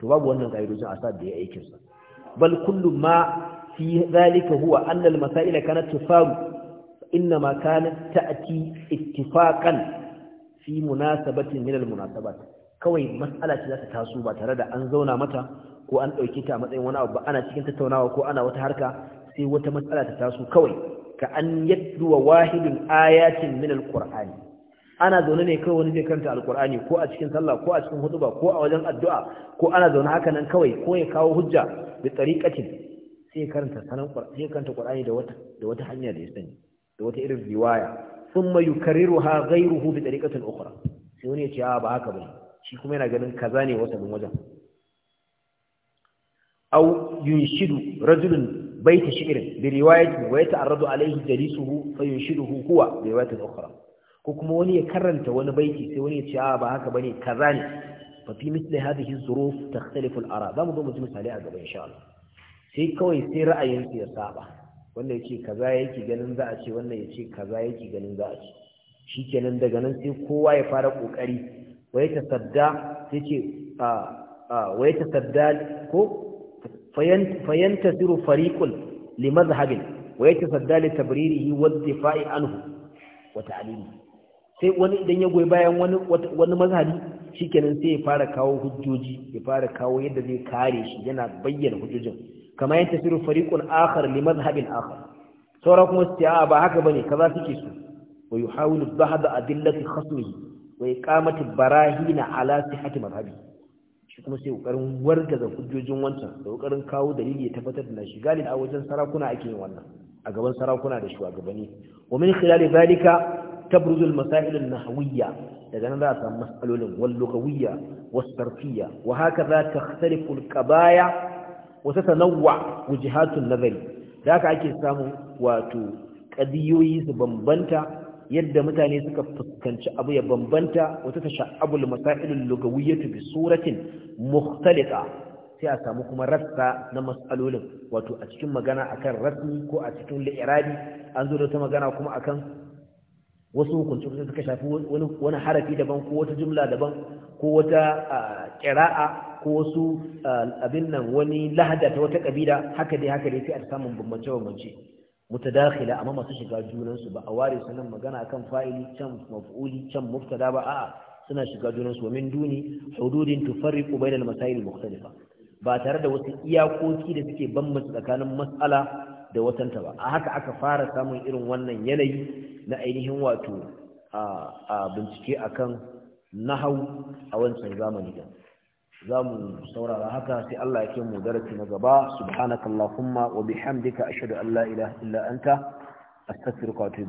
to babu wannan ka'idojin a sa da ya aikin sa bal kullu ma fi zalika huwa anna al masail kanat tufaru inna ma kanat ta'ti ittifaqan fi munasabatin min al munasabat kawai mas'ala ce za ta taso ba tare da an zauna mata ko an ɗauki ta matsayin wani abu ba ana cikin tattaunawa ko ana wata harka sai wata matsala ta taso kawai ka an yadduwa wahidin ayatin min alqur'ani ana zaune ne kawai wani zai karanta alqur'ani ko a cikin sallah ko a cikin hutuba ko a wajen addu'a ko ana zaune haka nan kawai ko ya kawo hujja bi tariqatin sai karanta sanan sai karanta qur'ani da wata da wata hanya da ya sani da wata irin riwaya thumma yukarriruha ghayruhu bi tariqatin ukhra sai wani ya ce ba haka bane shi kuma yana ganin kaza ne wasannin wajen au yunshidu rajulun baita shi'rin bi riwayatin wa yata'arradu alayhi jalisuhu fa yunshiduhu huwa bi riwayatin ukhra ko kuma wani ya karanta wani baiti sai wani ya ce a ba haka bane kaza ne fa fi mithli hadhihi dhuruf takhtalifu al-ara za mu zo mu ji misali a gaba insha Allah sai kawai sai ra'ayin ya saba wanda yake kaza yake ganin za a ce wannan yake kaza yake ganin za a ce shikenan daga nan sai kowa ya fara kokari ta yatasadda yace wa yatasadda ko fayantasiru fariqul limadhhabin wa yatasadda li tabririhi wa difa'i anhu wata ta'limi sai wani idan ya goyi bayan wani wani mazhabi shikenan sai ya fara kawo hujjoji ya fara kawo yadda zai kare shi yana bayyana hujjojin kama yantasiru fariqun akhar limadhhabin akhar saura kuma su ce ba haka bane kaza suke so wa yuhawilu dhahaba adillati khasmihi wa kamata barahina ala sihhati madhhabi shi kuma sai kokarin wargaza hujjojin wancan da kokarin kawo dalili ya tabbatar da shi galin a wajen sarakuna ake yin wannan a gaban sarakuna da shugabanni wa min khilali zalika tabruzu al-masail an-nahwiyya daga nan za a samu masalolin wal lughawiyya was sarfiyya wa hakaza takhtalifu al-qabaya wa tatanawwa wujhatun nazari da haka ake samu wato kadiyoyi su bambanta yadda mutane suka fuskanci abu ya bambanta wata ta sha'abul masailul lugawiyyatu bi suratin mukhtaliqa sai a samu kuma rassa na mas'alolin wato a cikin magana akan rasmi ko a cikin li'irabi an zo da ta magana kuma akan wasu hukunci kuma suka shafi wani wani harafi daban ko wata jumla daban ko wata qira'a ko wasu abin nan wani lahada ta wata kabila haka dai haka dai sai a samu bambance bambance Muta mutadakhila amma masu shiga junansu ba a ware sanan magana kan fayili can maf'uli can mubtada ba a'a suna shiga junansu wa min duni hududin tufarriqu bainal masail ba tare da wasu iyakoki da suke bambanta tsakanin matsala da watanta ba a haka aka fara samun irin wannan yanayi na ainihin wato a bincike akan nahau a wancan zamani din za mu saurara haka sai Allah ya ke mu darasi na gaba subhanakallahumma wa bihamdika ashhadu an la ilaha illa anta astaghfiruka wa atubu